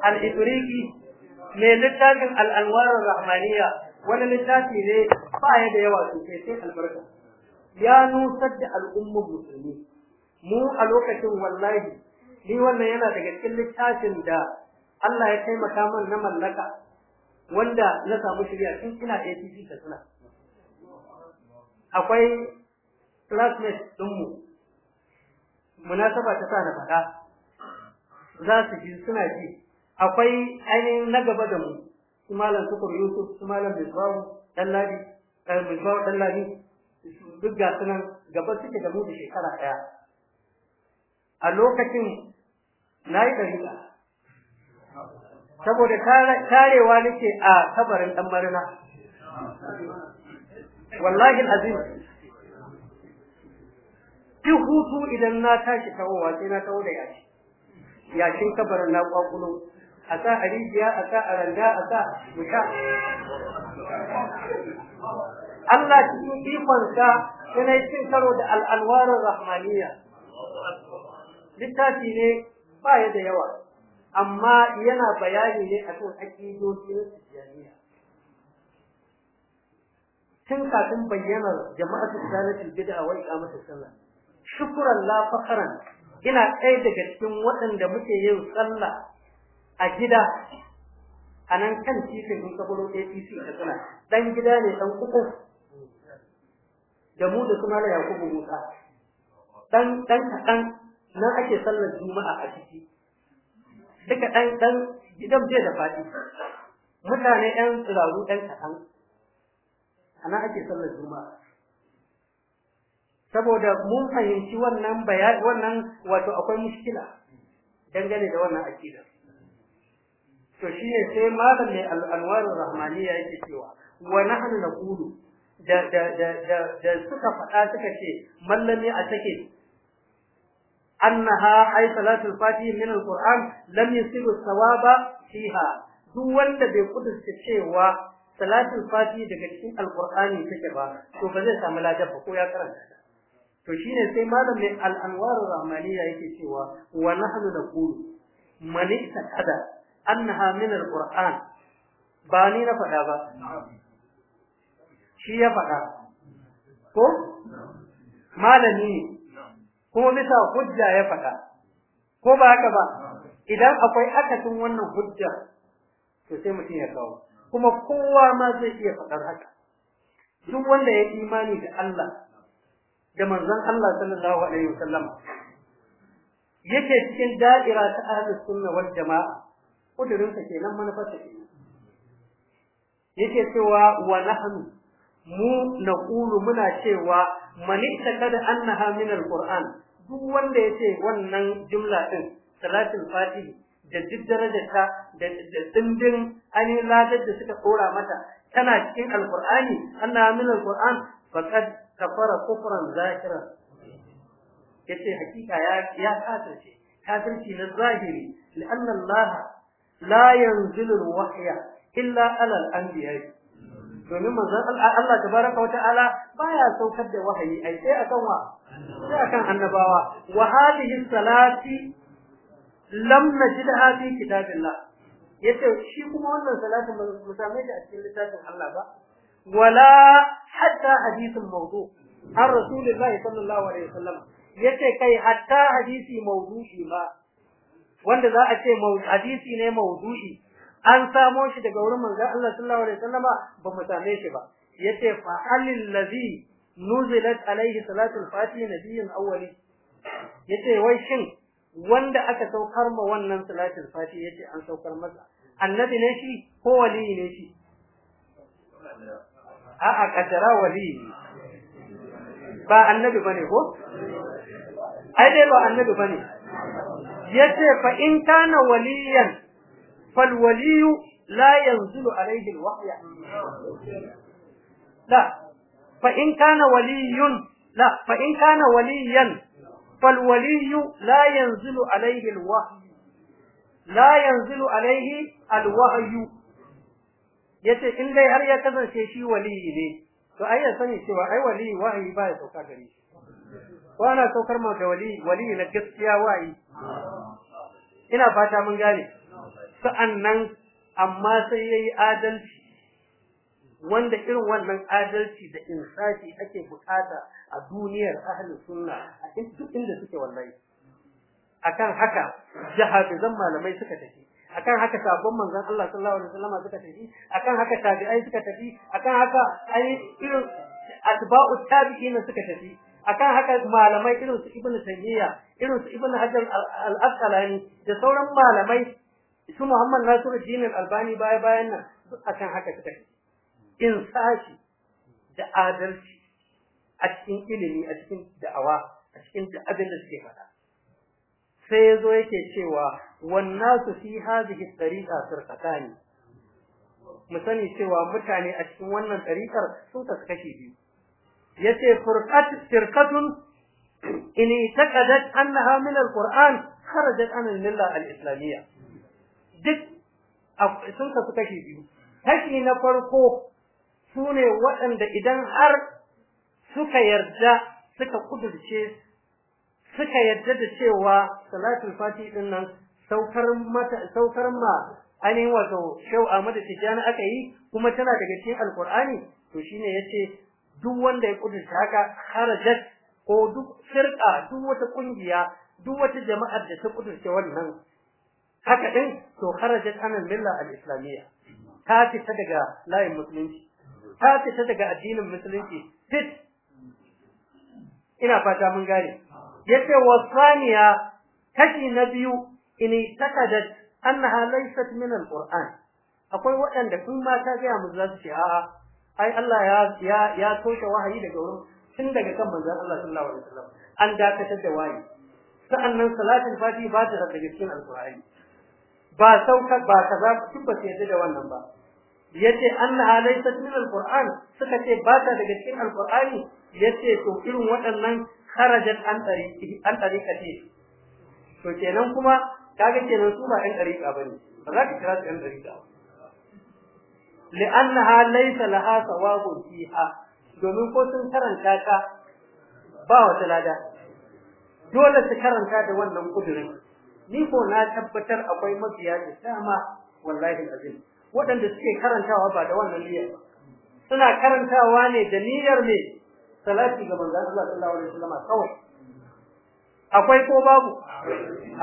al-Idriki mai littafin al-Anwar al-Rahmaniyya wani littafi ne ba ya da yawa sosai sai albarka ya nusar da al'ummar musulmi mu a lokacin wallahi ni wannan yana daga cikin littafin da Allah ya taimaka min na mallaka wanda na samu shirya tun ina ATC ta suna akwai classmates ɗinmu munasaba ta sa na faɗa za su ji suna ji akwai ainihin na gaba da mu su malam sukur yusuf su malam misbahu dallabi Dan eh, dallabi duk ga sunan gaba suke da mu da shekara ɗaya a lokacin na yi ɗariƙa saboda tarewa nake a kabarin ɗan marina wallahi azim duk hutu idan na tashi kawowa sai na kawo da yashi yashin kabarin na ƙwaƙulo a sa a rijiya a sa a randa a sa mu Allah cikin ikonsa yana cin karo da al'alwarin rahmaniya littafi ne ba ya da yawa amma yana bayani ne a kan aƙidojin jami'a. tun kafin bayyanar jama'atu sanatul bid'a wa iqamatu sallah shukran la ina ɗaya daga cikin waɗanda muke yin sallah a gida a nan kan titin in ka APC da suna, dan gida ne dan kuku da mu da kuma Yakubu Musa dan dan kadan nan ake sallar Juma'a a ciki duka dan dan gidan bai da fadi mutane ɗan tsiraru ɗan kaɗan ana ake sallar juma'a saboda mun fahimci wannan bayani wannan wato akwai mushkila dangane da wannan akida to shine sai malam mai al'anwarul rahmaniya yake cewa wa nahnu naqulu da da da da, suka faɗa suka ce mallami a take annaha ay salatul fati min alquran lam yusibu thawaba fiha duk wanda bai kudurta cewa salatul Fati daga cikin alqur'ani take ba to ba zai samu ladabi ko ya karanta to shine sai malam mai al'anwarul rahmaniya yake cewa wa nahnu naqulu man kada annaha min alquran ba ni na faɗa ba shi ya faɗa ko malami ne kuma bisa hujja ya faɗa ko ba haka ba idan akwai akasin wannan hujja to sai mutum ya kawo kuma kowa ma zai iya faɗar haka duk wanda ya imani da Allah da manzon Allah sallallahu alaihi wasallam yake cikin da'ira ta ahlus sunna wal jama'a kudurinsa kenan manufarsa kenan yake cewa wa nahnu mu naqulu muna cewa man kada annaha min alquran duk wanda yace wannan jumla din salatul fatih da duk darajarta da dindin ainihin ladar da suka tsora mata tana cikin alqur'ani annaha min alquran faqad kafara kufran zahira yace hakika ya ya kafirce kafirci na zahiri li'anna allaha la yanzilu wahya illa alal al-anbiya domin manzon Allah tabaraka wata'ala baya saukar da wahayi ai sai akan wa sai akan annabawa wa hadhihi salati lam najidha fi kitabillah yace shi kuma wannan salatin ba mu same shi a cikin littafin Allah ba wala hatta hadithun mawdu har rasulullahi sallallahu alaihi wasallam yace kai hatta hadisi mawdu'i ba wanda za a ce hadisi ne mawdu'i an samo shi daga wurin manzo Allah sallallahu alaihi wasallama ba mu same shi ba yace fa alil ladhi nuzilat alaihi salatul fatih nabiyyin awwali yace wai shin wanda aka saukar ma wannan salatul fatih yace an saukar masa annabi ne shi ko wali ne shi a a kadara wali ba annabi bane ko ai dai ba annabi bane yace fa in kana waliyan fal waliyu la yanzilu alayhi alwahya la fa in kana waliyun la fa in kana waliyan fal waliyu la yanzilu alayhi alwahyu la yanzilu alayhi alwahyu yace in dai har ya kasance shi waliyi ne to ai ya sani cewa ai waliyi wahayi ba ya sauka gare shi ko ana saukar ma da waliyi waliyi na gaskiya wahayi ina fata mun gane sa'annan amma sai yayi adalci wanda irin wannan adalci da insafi ake bukata a duniyar ahli sunna a duk inda suke wallahi akan haka zan malamai suka tafi akan haka sabon manzon Allah sallallahu alaihi wasallam suka tafi akan haka tabi'ai suka tafi akan haka ai irin atba'u tabi'in suka tafi akan haka malamai irin su ibnu taymiya irin su ibn hajar al-asqalani da sauran malamai su muhammad nasiruddin al-albani baya bayan nan duk akan haka suka in sashi da adalci a cikin ilimi a cikin da'awa a cikin abin da suke faɗa sai ya zo yake cewa wannan su fi hadhihi tariqa firqatani mu sani cewa mutane a cikin wannan tariqar sun kasu kashi biyu yace firqat firqatun إن اعتقدت أنها من القرآن خرجت عن الملة الإسلامية duk sun kasu kashi biyu kashi na farko sune waɗanda idan har suka yarda suka kudurce suka yarda da cewa salatul fati din saukar mata ma ainihin wato shau Ahmad Tijjani aka yi kuma tana daga cikin Alkur'ani to shine yace duk wanda ya kudurta haka harajat ko duk firka duk wata kungiya duk wata jama'ar da ta kudurce wannan haka din to kharajat anil milla al islamiyya ta fita daga layin musulunci ta fita daga addinin musulunci fit ina fata mun gane yace wasaniya kashi na biyu in takadat annaha laysat min quran akwai waɗanda kuma ta ga mu za su ce a'a ai Allah ya ya toshe wahayi daga wurin tun daga kan manzon Allah sallallahu alaihi wasallam an dakatar da wayi sa'annan salatin fati ba ta daga cikin alqur'ani ba sauka ba kaza ba ta yadda da wannan ba yace annaha laysat min alqur'an suka ce ba ta daga cikin alqur'ani yace to irin waɗannan kharajat an tariqi an tariqati to kenan kuma kaga kenan su ba ɗan tariqa bane ba za ka kira su ɗan tariqa ba li'annaha laysa laha sawabun fiha domin ko sun karanta ka ba wata lada dole su karanta da wannan kudirin ni ko na tabbatar akwai mabiya da dama wallahi azim waɗanda suke karantawa ba da wannan niyya suna karantawa ne da niyyar ne salati ga manzo Allah sallallahu alaihi wasallam kawai akwai ko babu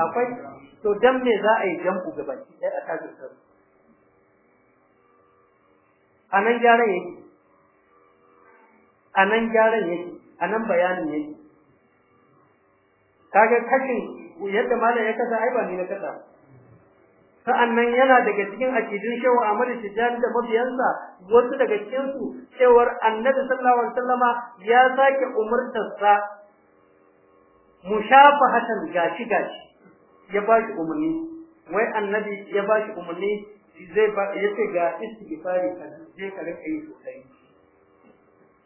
akwai to dan me za a yi ku gaba dai a tajin sarki anan gyaran yake anan nan gyaran yake a bayanin yake kaga kashin yadda malam ya kasa ai ba ni na kasa sa'annan yana daga cikin akidin shehu Ahmad Tijani da mabiyansa wasu daga cikin su cewar Annabi sallallahu alaihi wasallama ya sake sa mushafahatan gashi gashi ya ba shi umarni wai annabi ya ba shi umarni zai ba yake ga istighfari kan je kare kai sosai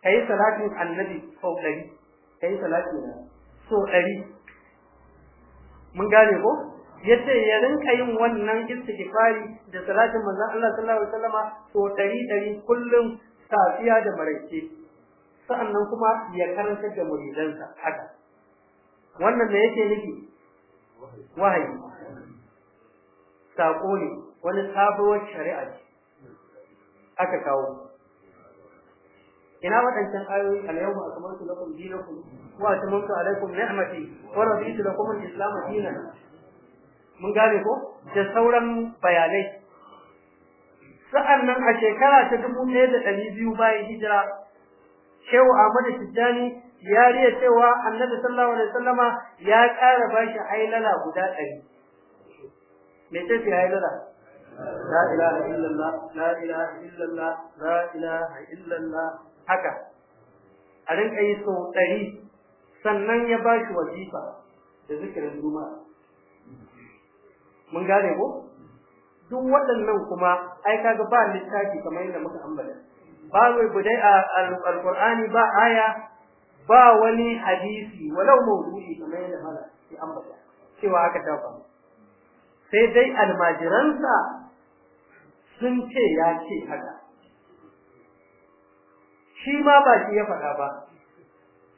kayi salatin annabi sau ɗari kayi salati na so ɗari mun gane ko yace ya rinka yin wannan istighfari da salatin manzon Allah sallallahu alaihi wasallama so ɗari ɗari kullum safiya da maraice sa'annan kuma ya karanta da muridansa haka wannan da yake nufi wahayi Sakoni ne wani sabuwar shari'a ce aka kawo ina wadancan ayoyi al-yawma akmaltu lakum dinakum wa atamantu alaykum ni'mati wa raditu lakum al-islam dinan mun gane ko da sauran bayanai sa'annan a shekara ta 1200 bayan hijira Shehu Ahmad Tijjani ya riya cewa Annabi sallallahu alaihi wasallama ya ƙara bashi hailala guda 100 me ce hailala لا إله إلا الله لا إله إلا الله لا إله إلا الله haka a rinka yi sau ɗari sannan ya ba shi wajifa da zikirin duma mun gane ko duk waɗannan kuma ai kaga ba littafi kamar yadda muka ambata ba wai budai a alqur'ani ba aya ba wani hadisi walau mawdu'i kamar yadda mala ya ambata cewa haka ta faru sai dai almajiransa sun ce ya ce haka shi ma ba shi ya faɗa ba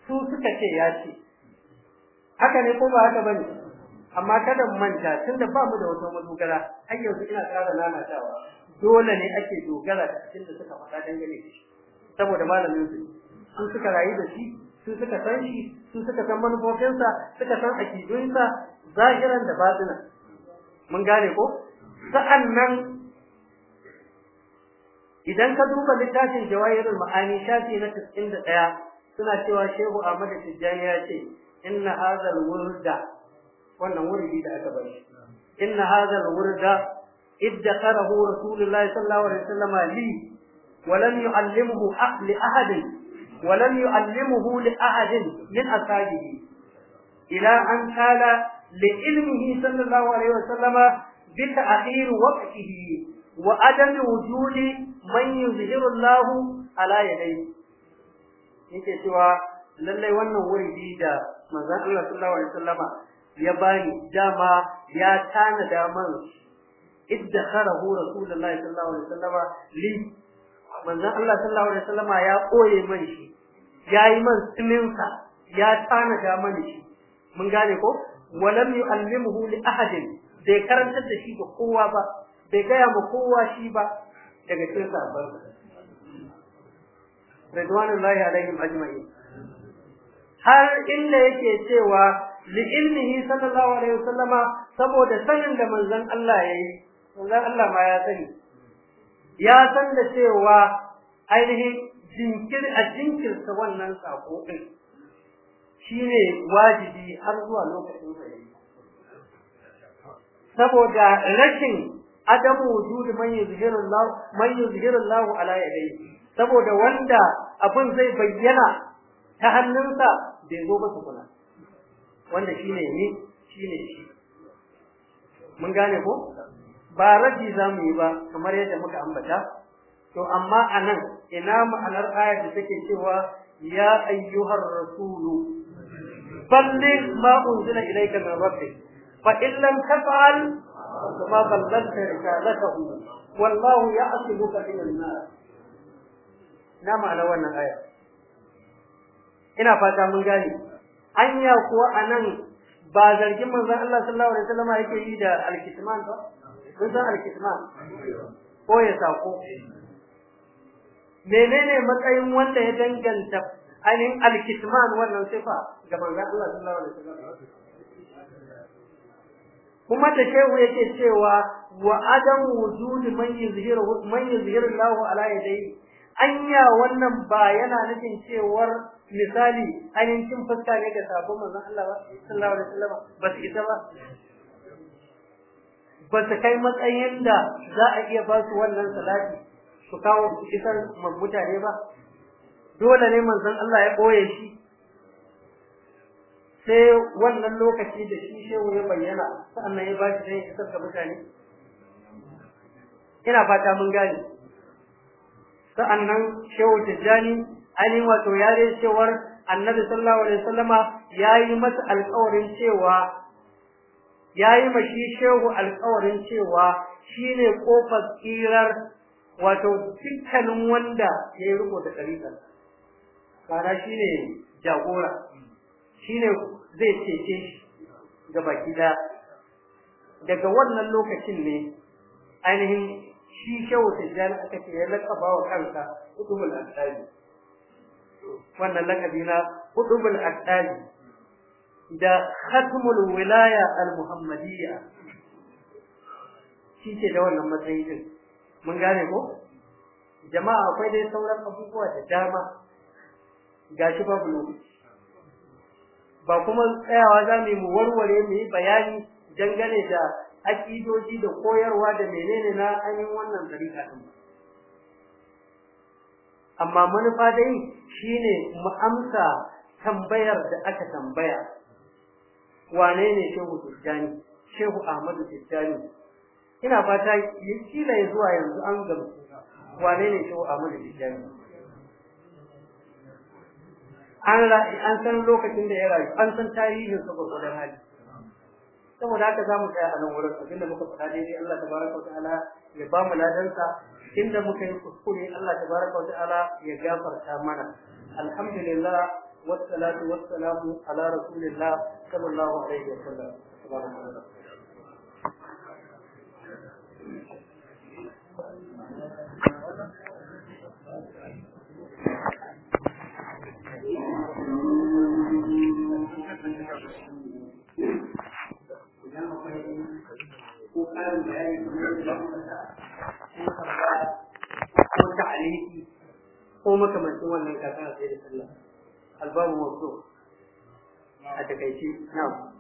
su suka ce ya ce haka ne ko ba haka ba ne amma kada mu manta tunda ba mu da wata madogara har yanzu ina ƙara lalacewa dole ne ake dogara da cikin da suka faɗa dangane da shi saboda malamin su su suka rayu da shi su suka san shi su suka san manufofinsa suka san akidunsa zahiran da batinan mun gane ko sa'annan idan ka duba littafin jawahirul ma'ani shafi na 91 suna cewa shehu Ahmad Tijjani ya ce inna hadhal wurda wannan wurdi da aka bari inna hadhal wurda iddaqarahu rasulullahi sallallahu alaihi wasallam li ولم يعلمه لأحد ولم يعلمه لأحد من أصحابه إلى أن قال لعلمه صلى الله عليه وسلم بتأخير وقته wa adami wujudi man yuzhiru Allah ala yadayhi yake cewa lallai wannan wuri da manzon Allah sallallahu alaihi wasallama ya bani dama ya tana daman iddakharahu rasulullahi sallallahu alaihi wasallama li manzon Allah sallallahu alaihi wasallama ya koye man shi yayi man tsininsa ya tana da man shi mun gane ko walam yu'allimuhu li ahadin bai karantar da shi ga kowa ba bai gaya ma kowa shi ba daga cikin sahabban radwanullahi alaihim ajma'in har inda yake cewa li ilmihi sallallahu alaihi wasallama saboda sanin da manzon Allah yayi manzon Allah ma ya sani ya san da cewa ainihin jinkir a jinkirta wannan sako din shine wajibi har zuwa lokacin sa saboda rashin Adamu wujud man yuzhiru Allah man yuzhiru Allah ala saboda wanda abin zai bayyana ta hannunsa bai zo ba tukuna wanda shine ni shine shi mun gane ko ba raji zamu yi ba kamar yadda muka ambata to amma anan ina ma'anar ayar da take cewa ya ayyuhar rasulu balligh ma unzila ilayka min rabbik fa in taf'al كما بلغت رسالته والله يعصمك من الناس نعم على wannan aya ina fata mun gane anya kuwa anan ba zargin manzon Allah sallallahu alaihi wasallam yake yi da alkitman ba kun san alkitman ko ya sako menene matsayin wanda ya danganta ainihin alkitman wannan sifa ga manzon Allah sallallahu alaihi wasallam kuma da shehu yake cewa wa adam wujudi man yuzhiru man yuzhiru Allahu ala yadayhi anya wannan ba yana nufin cewar misali ainihin fuska ne da sabon manzon Allah sallallahu alaihi wasallam ba su ita ba ba su kai matsayin da za a iya ba su wannan salati su kawo su isar mutane ba dole ne manzon Allah ya boye shi sai wannan lokaci da shi shehu ya bayyana sannan ya ba shi zai isar ga mutane ina fata mun gane sa'annan shehu tijjani ani wato ya dai cewar annabi sallallahu alaihi wasallama yayi masa alƙawarin cewa yayi mashi shehu alƙawarin cewa shine kofar tsirar wato dukkanin wanda ya yi riko da ɗariƙar kana shine jagora shine zai cece shi ga baki da daga wannan lokacin ne ainihin shi shehu tijjani aka ce ya laƙaba wa kansa hudubul addaji wannan laƙabi na hudubul addaji da khatmul wilaya al-muhammadiyya shi ce da wannan matsayi din mun gane ko jama'a akwai dai sauran abubuwa da dama gashi babu lokaci ba kuma tsayawa za mu yi mu warware mu yi bayani dangane da akidoji da koyarwa da menene na ainihin wannan dariƙa din amma manufa dai shine mu amsa tambayar da aka tambaya wane ne shehu tijjani shehu ahmadu tijjani ina fata kila zuwa yanzu an gamsu wane ne shehu ahmadu tijjani an an san lokacin da ya rayu an san tarihin sa gurgurdan hali saboda haka zamu kai a nan wurin abinda muka faɗa daidai Allah tabaraka wa ta'ala ya ba mu ladansa inda muka yi kuskure Allah tabaraka ta'ala ya gafarta mana alhamdulillah wassalatu wassalamu ala rasulillah sallallahu alaihi wa sallam ko ta'aliki ko makamancin wannan kasan sai da sallah albabu wasu a takaice na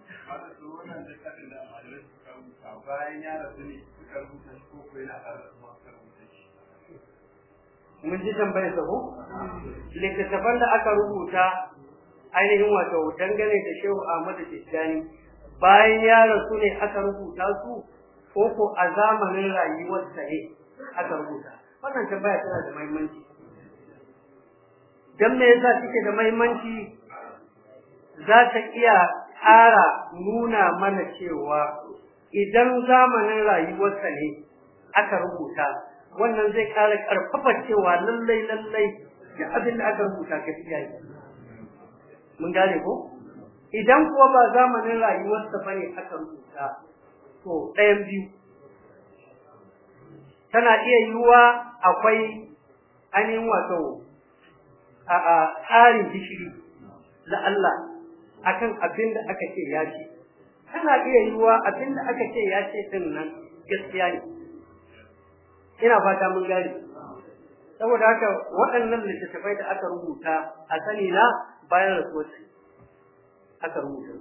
bayan ya rasu ne suka rubuta shi ko kuma suka rubuta shi mun ji tambayar sa ko littattafan da aka rubuta ainihin wato dangane da shehu Ahmadu Tijjani bayan ya rasu ne aka rubuta su ko ko a zamanin rayuwar sa ne aka rubuta wannan tambaya tana da muhimmanci dan me yasa take da muhimmanci za ta iya ƙara nuna mana cewa idan zamanin rayuwarsa ne aka rubuta wannan zai ƙara ƙarfafa cewa lallai lallai da abin da aka rubuta gaskiya ne mun gane ko idan kuwa ba zamanin rayuwarsa bane aka rubuta to ɗayan biyu tana iya yiwuwa akwai ainihin wato a tsarin gishiri na Allah akan abin da aka ce ya ce tana iya yiwuwa abin da aka ce ya ce ɗin nan gaskiya ne ina fata mun gari saboda haka waɗannan littattafai da aka rubuta a sani na bayan rasuwarsu aka rubuta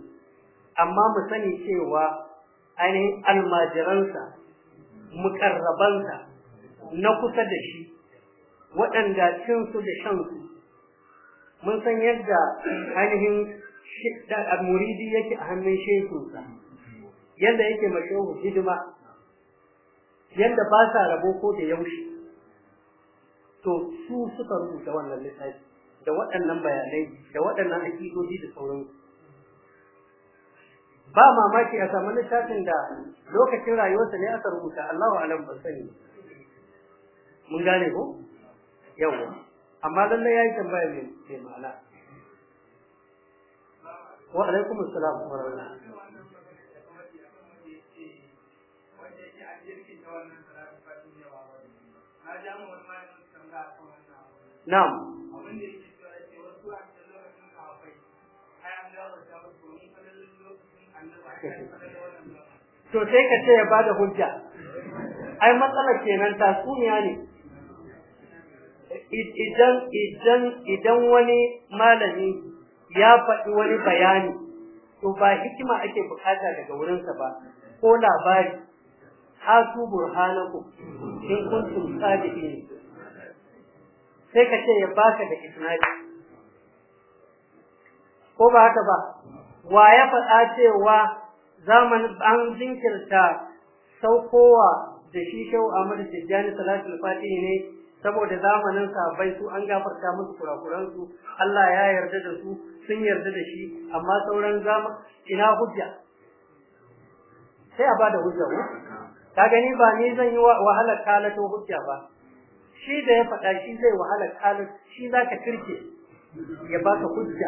amma mu sani cewa ainihin almajiransa mukarrabansa na kusa da shi waɗanda cinsu da shansu mun san yadda ainihin muridi yake a hannun shekunsa yadda yake mashehu hidima yadda ba sa rabo ko da yaushe to su suka rubuta wannan littafi da waɗannan bayanai da waɗannan akidodi da sauransu ba mamaki a samu littafin da lokacin rayuwarsa ne aka rubuta Allahu alam ba sani mun gane ko yawa amma lalle yayi tambaya ne mai ma'ana wa alaikum assalam wa rahmatullah Na'am to sai ka ce ya bada hujja ai matsalar kenan tatsuniya ne idan idan idan wani malami ya faɗi wani bayani to ba hikima ake bukata daga wurinsa ba ko labari su burhanaku in sabi ne. sai ka ce ya baka da isnadi ko ba haka ba wa ya faɗa cewa zamanin an jinkirta saukowa da shi shau mada Tijjani Salatul Fatihi ne saboda zamanin sahabbai su an gafarta musu kurakuran su Allah ya yarda da su sun yarda da shi amma sauran zama ina hujja sai a bada hujja ko ka gani ba ni zan yi wahalar kalato hujja ba shi da ya faɗa shi zai wahalar kalato shi zaka kirke ya baka hujja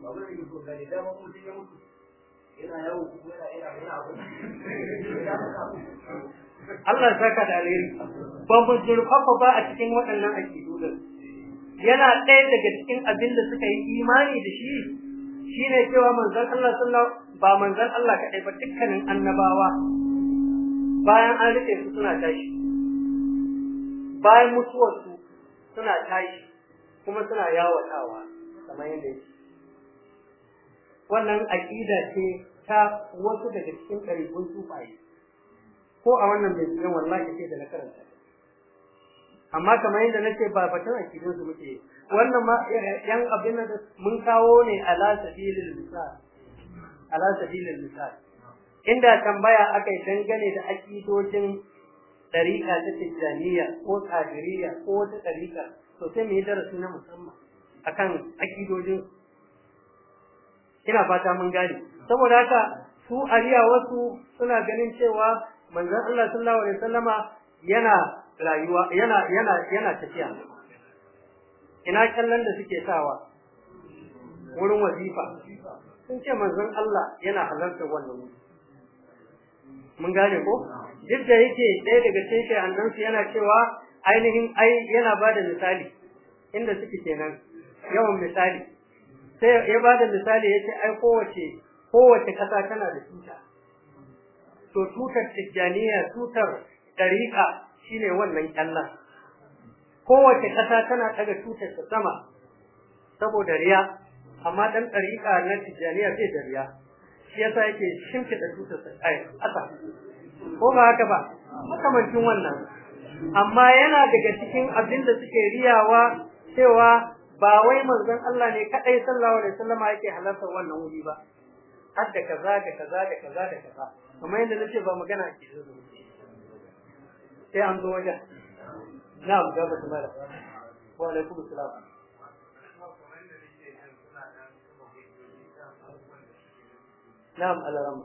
ba ne ko gani da ya mutu yana yawo kuma yana yana abu Allah ya saka da alheri babu zurfafa ba a cikin waɗannan akidu din yana ɗaya daga cikin abin da suka yi imani da shi shine cewa manzon Allah sallallahu ba manzon Allah kaɗai ba dukkanin annabawa bayan an rike su suna tashi bayan mutuwarsu suna tashi kuma suna yawatawa kamar yadda yake wannan aƙida ce ta wasu daga cikin ɗarikun tsufaye ko a wannan binciken wallahi ce da na karanta amma kamar yadda nake ba fatan aƙidun su muke wannan ma yan abin da mun kawo ne ala sabilil misal ala sabilil misal inda tambaya aka yi dangane da aƙidojin ɗariƙa ta tijjaniya ko tsadiriya ko wata ɗariƙa to sai darasi na musamman akan aƙidojin su ina fata mun gane saboda haka su ariya wasu suna ganin cewa manzon Allah sallallahu alaihi wasallama yana rayuwa yana yana yana tafiya ina kallon da suke sawa wurin wazifa sun ce manzon Allah yana halarta wannan mun gane ko duk da yake ɗaya daga cikin annansu yana cewa ainihin ai yana ba da misali inda suke kenan yawan misali sai ya bada misali yace ai kowace kowace kasa tana da tuta to tutar tijjaniya tutar dariqa shine wannan kallan kowace kasa tana daga tutar ta sama saboda riya amma dan dariqa na tijjaniya sai da riya shi yasa yake shimfida tutar sa ai asa ko ba haka ba makamancin wannan amma yana daga cikin abin da suke riyawa cewa ba wai manzon Allah ne kadai sallallahu alaihi wasallama yake halarta wannan wuri ba har da kaza da kaza da kaza da kaza kuma yadda nace ba magana ke zuwa sai an zo wajen na'am ga ba kuma wa alaikum assalam na'am alaram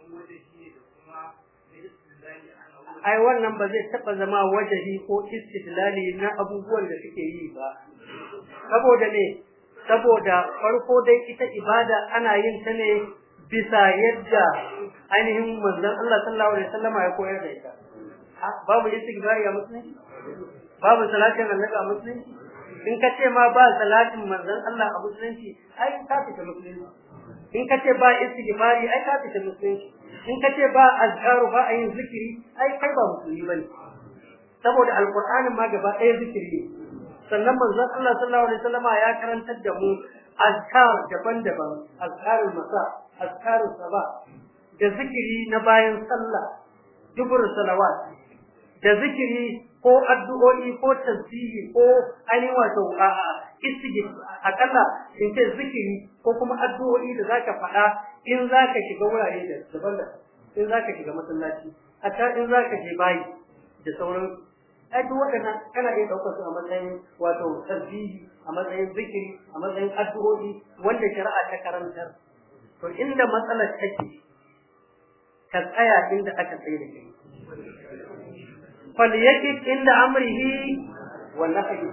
ai wannan ba zai taɓa zama wajahi ko istidlali na abubuwan da suke yi ba saboda ne saboda farko dai ita ibada ana yin ta ne bisa yadda ainihin manzon Allah sallallahu alaihi wasallam ya koyar da ita babu istighfari a musulunci babu salatin annabi a musulunci in ka ce ma ba salatin manzon Allah a musulunci ai ka fita musulunci in ka ce ba istighfari ai ka fita musulunci in ka ce ba azkaru ba a yin zikiri ai kai ba musulmi bane saboda alqur'anin ma gaba ɗaya zikiri ne sannan manzon Allah sallallahu alaihi wasallama ya karantar da mu azkar daban-daban azkarul masa azkarul saba, da zikiri na bayan sallah dubur salawat da zikiri ko addu'o'i ko tasbihi ko ani wato a akalla in ce zikiri ko kuma addu'o'i da zaka faɗa in zaka shiga wurare da daban in zaka shiga masallaci hatta in zaka je bayi da sauran ai duk kana iya ɗaukar su a matsayin wato tasbihi a matsayin zikiri a matsayin addu'o'i wanda shari'a ta karantar to inda matsalar take ka tsaya inda aka tsaya da kai falyakit inda amrihi wannan fage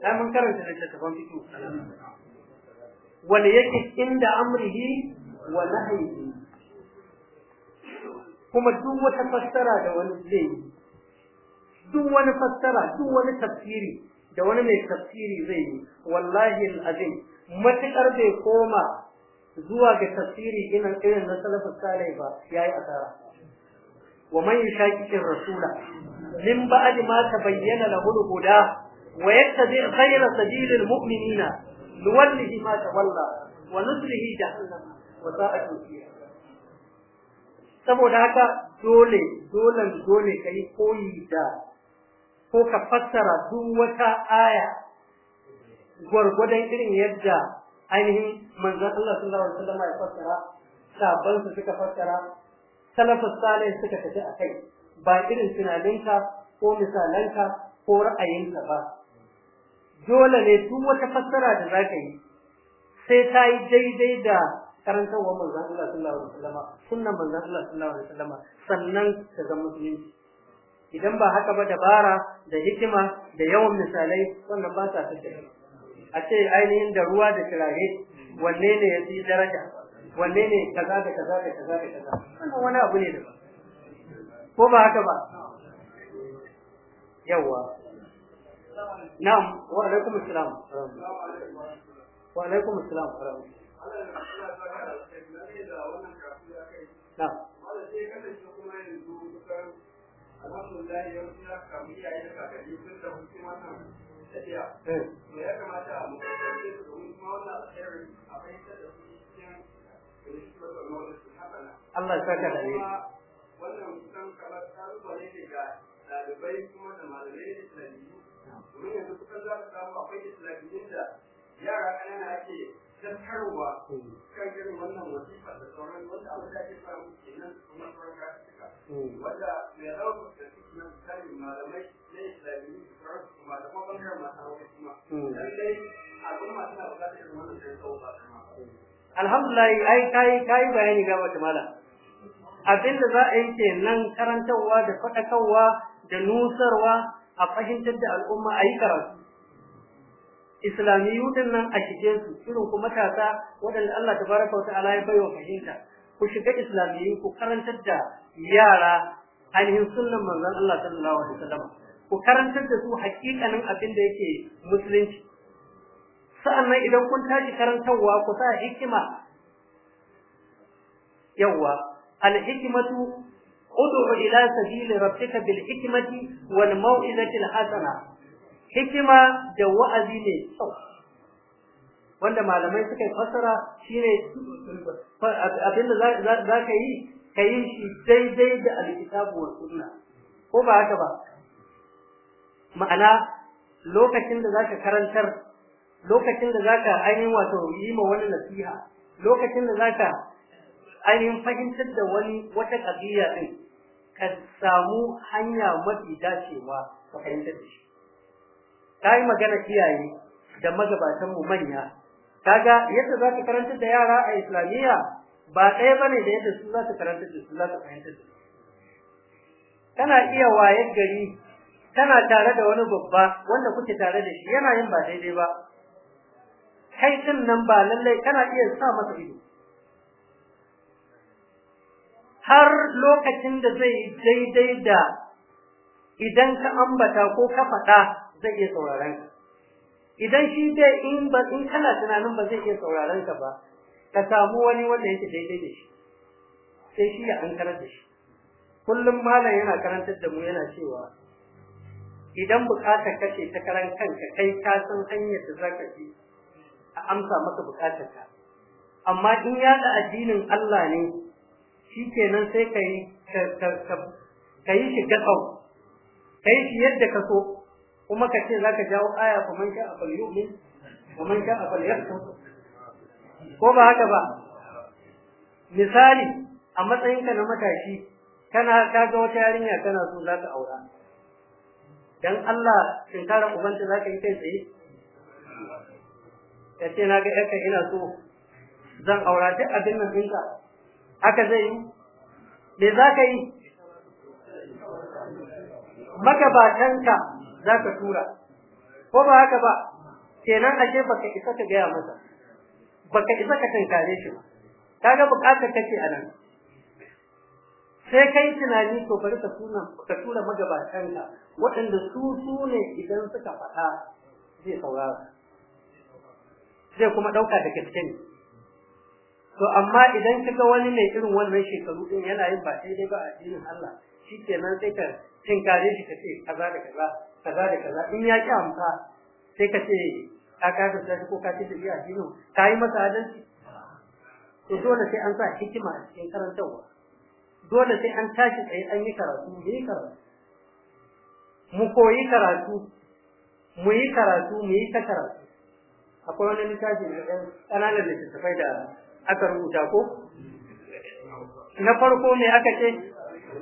ai mun karanta da tafan fito walyakit inda amrihi wa nahyihi kuma duk wani fassara duk wani tafsiri da wani mai tafsiri zai yi wallahi alazim matukar bai koma zuwa ga tafsiri irin na salafus salih ba yayi asara ومن يشاكك الرسول من بعد ما تبين له الهدى ويتبع خير سبيل المؤمنين لوله ما تولى ونزله جهنم وساءت مسيرا saboda haka dole dole dole yi koyi da ko ka fassara duk wata aya gwargwadon irin yadda ainihin manzon Allah sallallahu alaihi wasallam ya fassara sabban su suka fassara salafus salih suka tafi a kai ba irin tunaninka ko misalanka ko ra'ayinka ba dole ne duk wata fassara da za ka yi sai ta yi daidai da karantarwar manzon Allah sallallahu alaihi wasallam sunnan manzon Allah sallallahu alaihi wasallam sannan ka zama musulunci idan ba haka ba dabara da hikima da yawan misalai wannan ba sa tafiya a ce ainihin da ruwa da turare wanne ne ya fi daraja wanne ne kaza da kaza da kaza da kaza wannan wani abu ne da ba ko ba haka ba yawa na'am wa alaikum assalam wa alaikum assalam Wa alhamdulillah eh. yau suna a Allah ya saka da ni wannan kusan kamar kalubale ne ga dalibai kuma da malamai da tunani domin yanzu kusan za ka samu akwai islamiyyun da yara ƙanana ake tattarwa kan irin wannan wasifa da sauran wanda abin da ake samu kenan kuma sauran kasuka wanda mai zama fuskanci na tsarin malamai na islamiyyu da sauran su kuma da kuma bangaren masu hawa kuma lallai al'umma suna buƙatar irin wannan da ya tsawo ba kuma. alhamdulillah ai kai kai bayani ga wata mala abin da za a yi kenan karantarwa da faɗakarwa da nusarwa a fahimtar da al'umma a yi karatu islamiyu din nan a cikin su irin ku matasa waɗanda Allah tabaraka wa ta'ala ya bayyana fahimta ku shiga islamiyu ku karantar da yara ainihin sunnan manzon Allah sallallahu alaihi wasallam ku karantar da su haƙiƙanin abin da yake musulunci sa'annan idan kun tashi karantarwa ku sa hikima yawwa alhikimatu ud'u ila sabili rabbika bilhikmati wal mau'izati hikima da wa'azi ne wanda malamai suka fassara shine abinda za ka yi ka yi shi daidai da alkitabu wa sunna ko ba haka ba ma'ana lokacin da zaka karantar lokacin da zaka ainihin wato yi ma wani nasiha lokacin da zaka ainihin fahimtar da wani wata kabiya din ka samu hanya mafi dacewa ka fahimtar da shi ta yi magana iyaye da magabatan mu manya kaga yadda za ka karantar da yara a islamiyya ba ɗaya ba ne da yadda su za ka karantar da su za ka fahimtar da su kana iya wayar gari kana tare da wani babba wanda kuke tare da shi yana yin ba daidai ba kai din nan ba lallai kana iya sa masa ido har lokacin da zai daidai da idan ka ambata ko ka faɗa zai iya sauraron ka idan shi dai in ba in kana tunanin ba zai iya sauraron ka ba ka samu wani wanda yake daidai da shi sai shi ya an da shi kullum malam yana karantar da mu yana cewa idan bukatar kace ta karan kanka kai ka san hanyar da zaka bi a amsa maka bukatarka amma in da addinin Allah ne shi kenan sai ka yi shi gatsau ka yi shi yadda ka so kuma ka ce za ka jawo aya fa man sha afal yu'min man afal ko ba haka ba misali a matsayinka na matashi kana ga wata yarinya kana so za ka aura dan Allah shin kara ubanta za ka yi kai tsaye ya ce na ga yarka ina so zan aura ta abin nan ɗinka haka zai yi me za ka yi magabatanka za ka tura ko ba haka ba kenan ashe baka isa ka gaya masa baka isa ka tankare shi ba kaga bukatar kake a nan sai kai tunani to bari ka tura ka tura magabatanka waɗanda su su ne idan suka faɗa zai saurara zai kuma ɗauka da gaske ne to amma idan kika wani mai irin wannan shekaru din yana yin ba sai dai ba a addinin Allah shikenan sai ka tinkare shi ka ce kaza da kaza kaza da kaza in ya ki amsa sai ka ce ka da sai ko ka ce da addinin ka yi masa adalci to dole sai an sa hikima a cikin karantawa dole sai an tashi sai an yi karatu mu yi karatu mu koyi karatu mu yi karatu mu yi ta karatu akwai wani littafi na ɗan ƙananan littattafai da aka rubuta ko na farko ne aka ce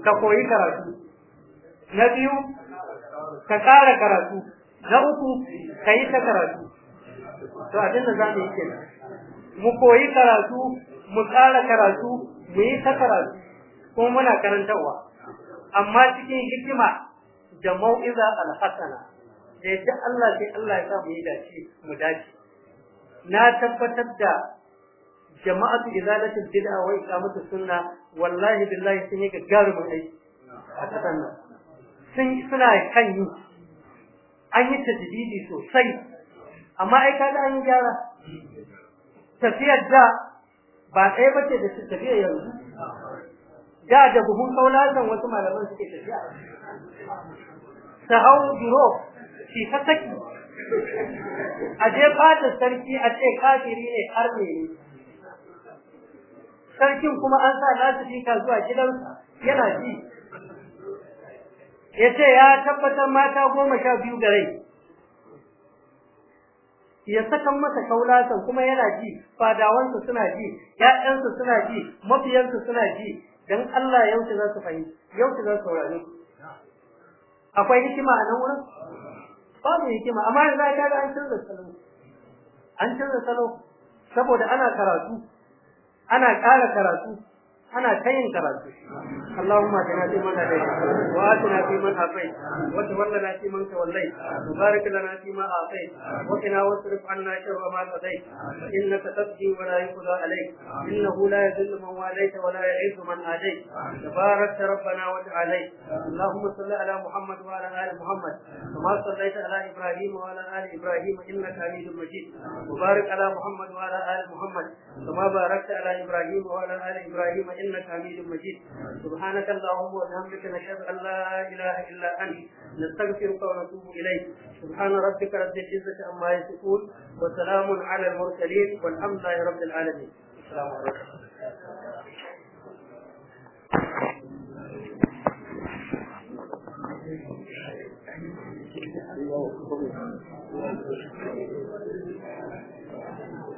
ka koyi karatu na biyu ka ƙara karatu na uku ka yi ta karatu to abin da za mu yi kenan mu koyi karatu mu ƙara karatu mu yi ta karatu ko muna karantarwa amma cikin hikima da mau'iza alhasana da yadda Allah sai Allah ya sa mu yi dace mu dace na tabbatar da jama'atu izalatul bid'a wa iqamatus sunna wallahi billahi sun yi gagarumin aiki a kasan nan sun suna kan yi an yi tajdidi sosai amma ai kaga an yi gyara tafiyar da ba ɗaya bace da tafiya yanzu da da buhun kaulatan wasu malaman suke tafiya sahau biro shi ta saki a je fata sarki a ce kafiri ne arne ne sarkin kuma an sa lasifika zuwa gidansa yana ji ya ce ya tabbatar mata goma sha biyu da rai ya sakan masa kaulasan kuma yana ji fadawansa suna ji ƴaƴansa suna ji mafiyansa suna ji dan Allah yau za su fahimci yau za su saurare akwai hikima a nan wurin babu hikima amma yanzu ka ga an canza salo an canza salo saboda ana karatu ana ƙara karatu ana ta yin karatu Allahumma jana fi man hadai wa atina fi man hafai wa tawallana fi man tawallai wa lana fi ma wa wasrif anna sharra ma wa la yuqda alayk innahu la yadhillu man wa la yu'izzu man adai rabbana wa Allahumma salli ala Muhammad wa ala ali Muhammad kama sallaita ala Ibrahim wa ala ali Ibrahim innaka Hamidum Majid ala Muhammad wa ala ali Muhammad kama barakta ala Ibrahim wa ala ali Ibrahim إنك حميد مجيد سبحانك اللهم وبحمدك نشهد أن لا إله إلا أنت نستغفرك ونتوب إليك سبحان ربك رب العزة عما يصفون وسلام على المرسلين والحمد لله رب العالمين السلام عليكم Thank you.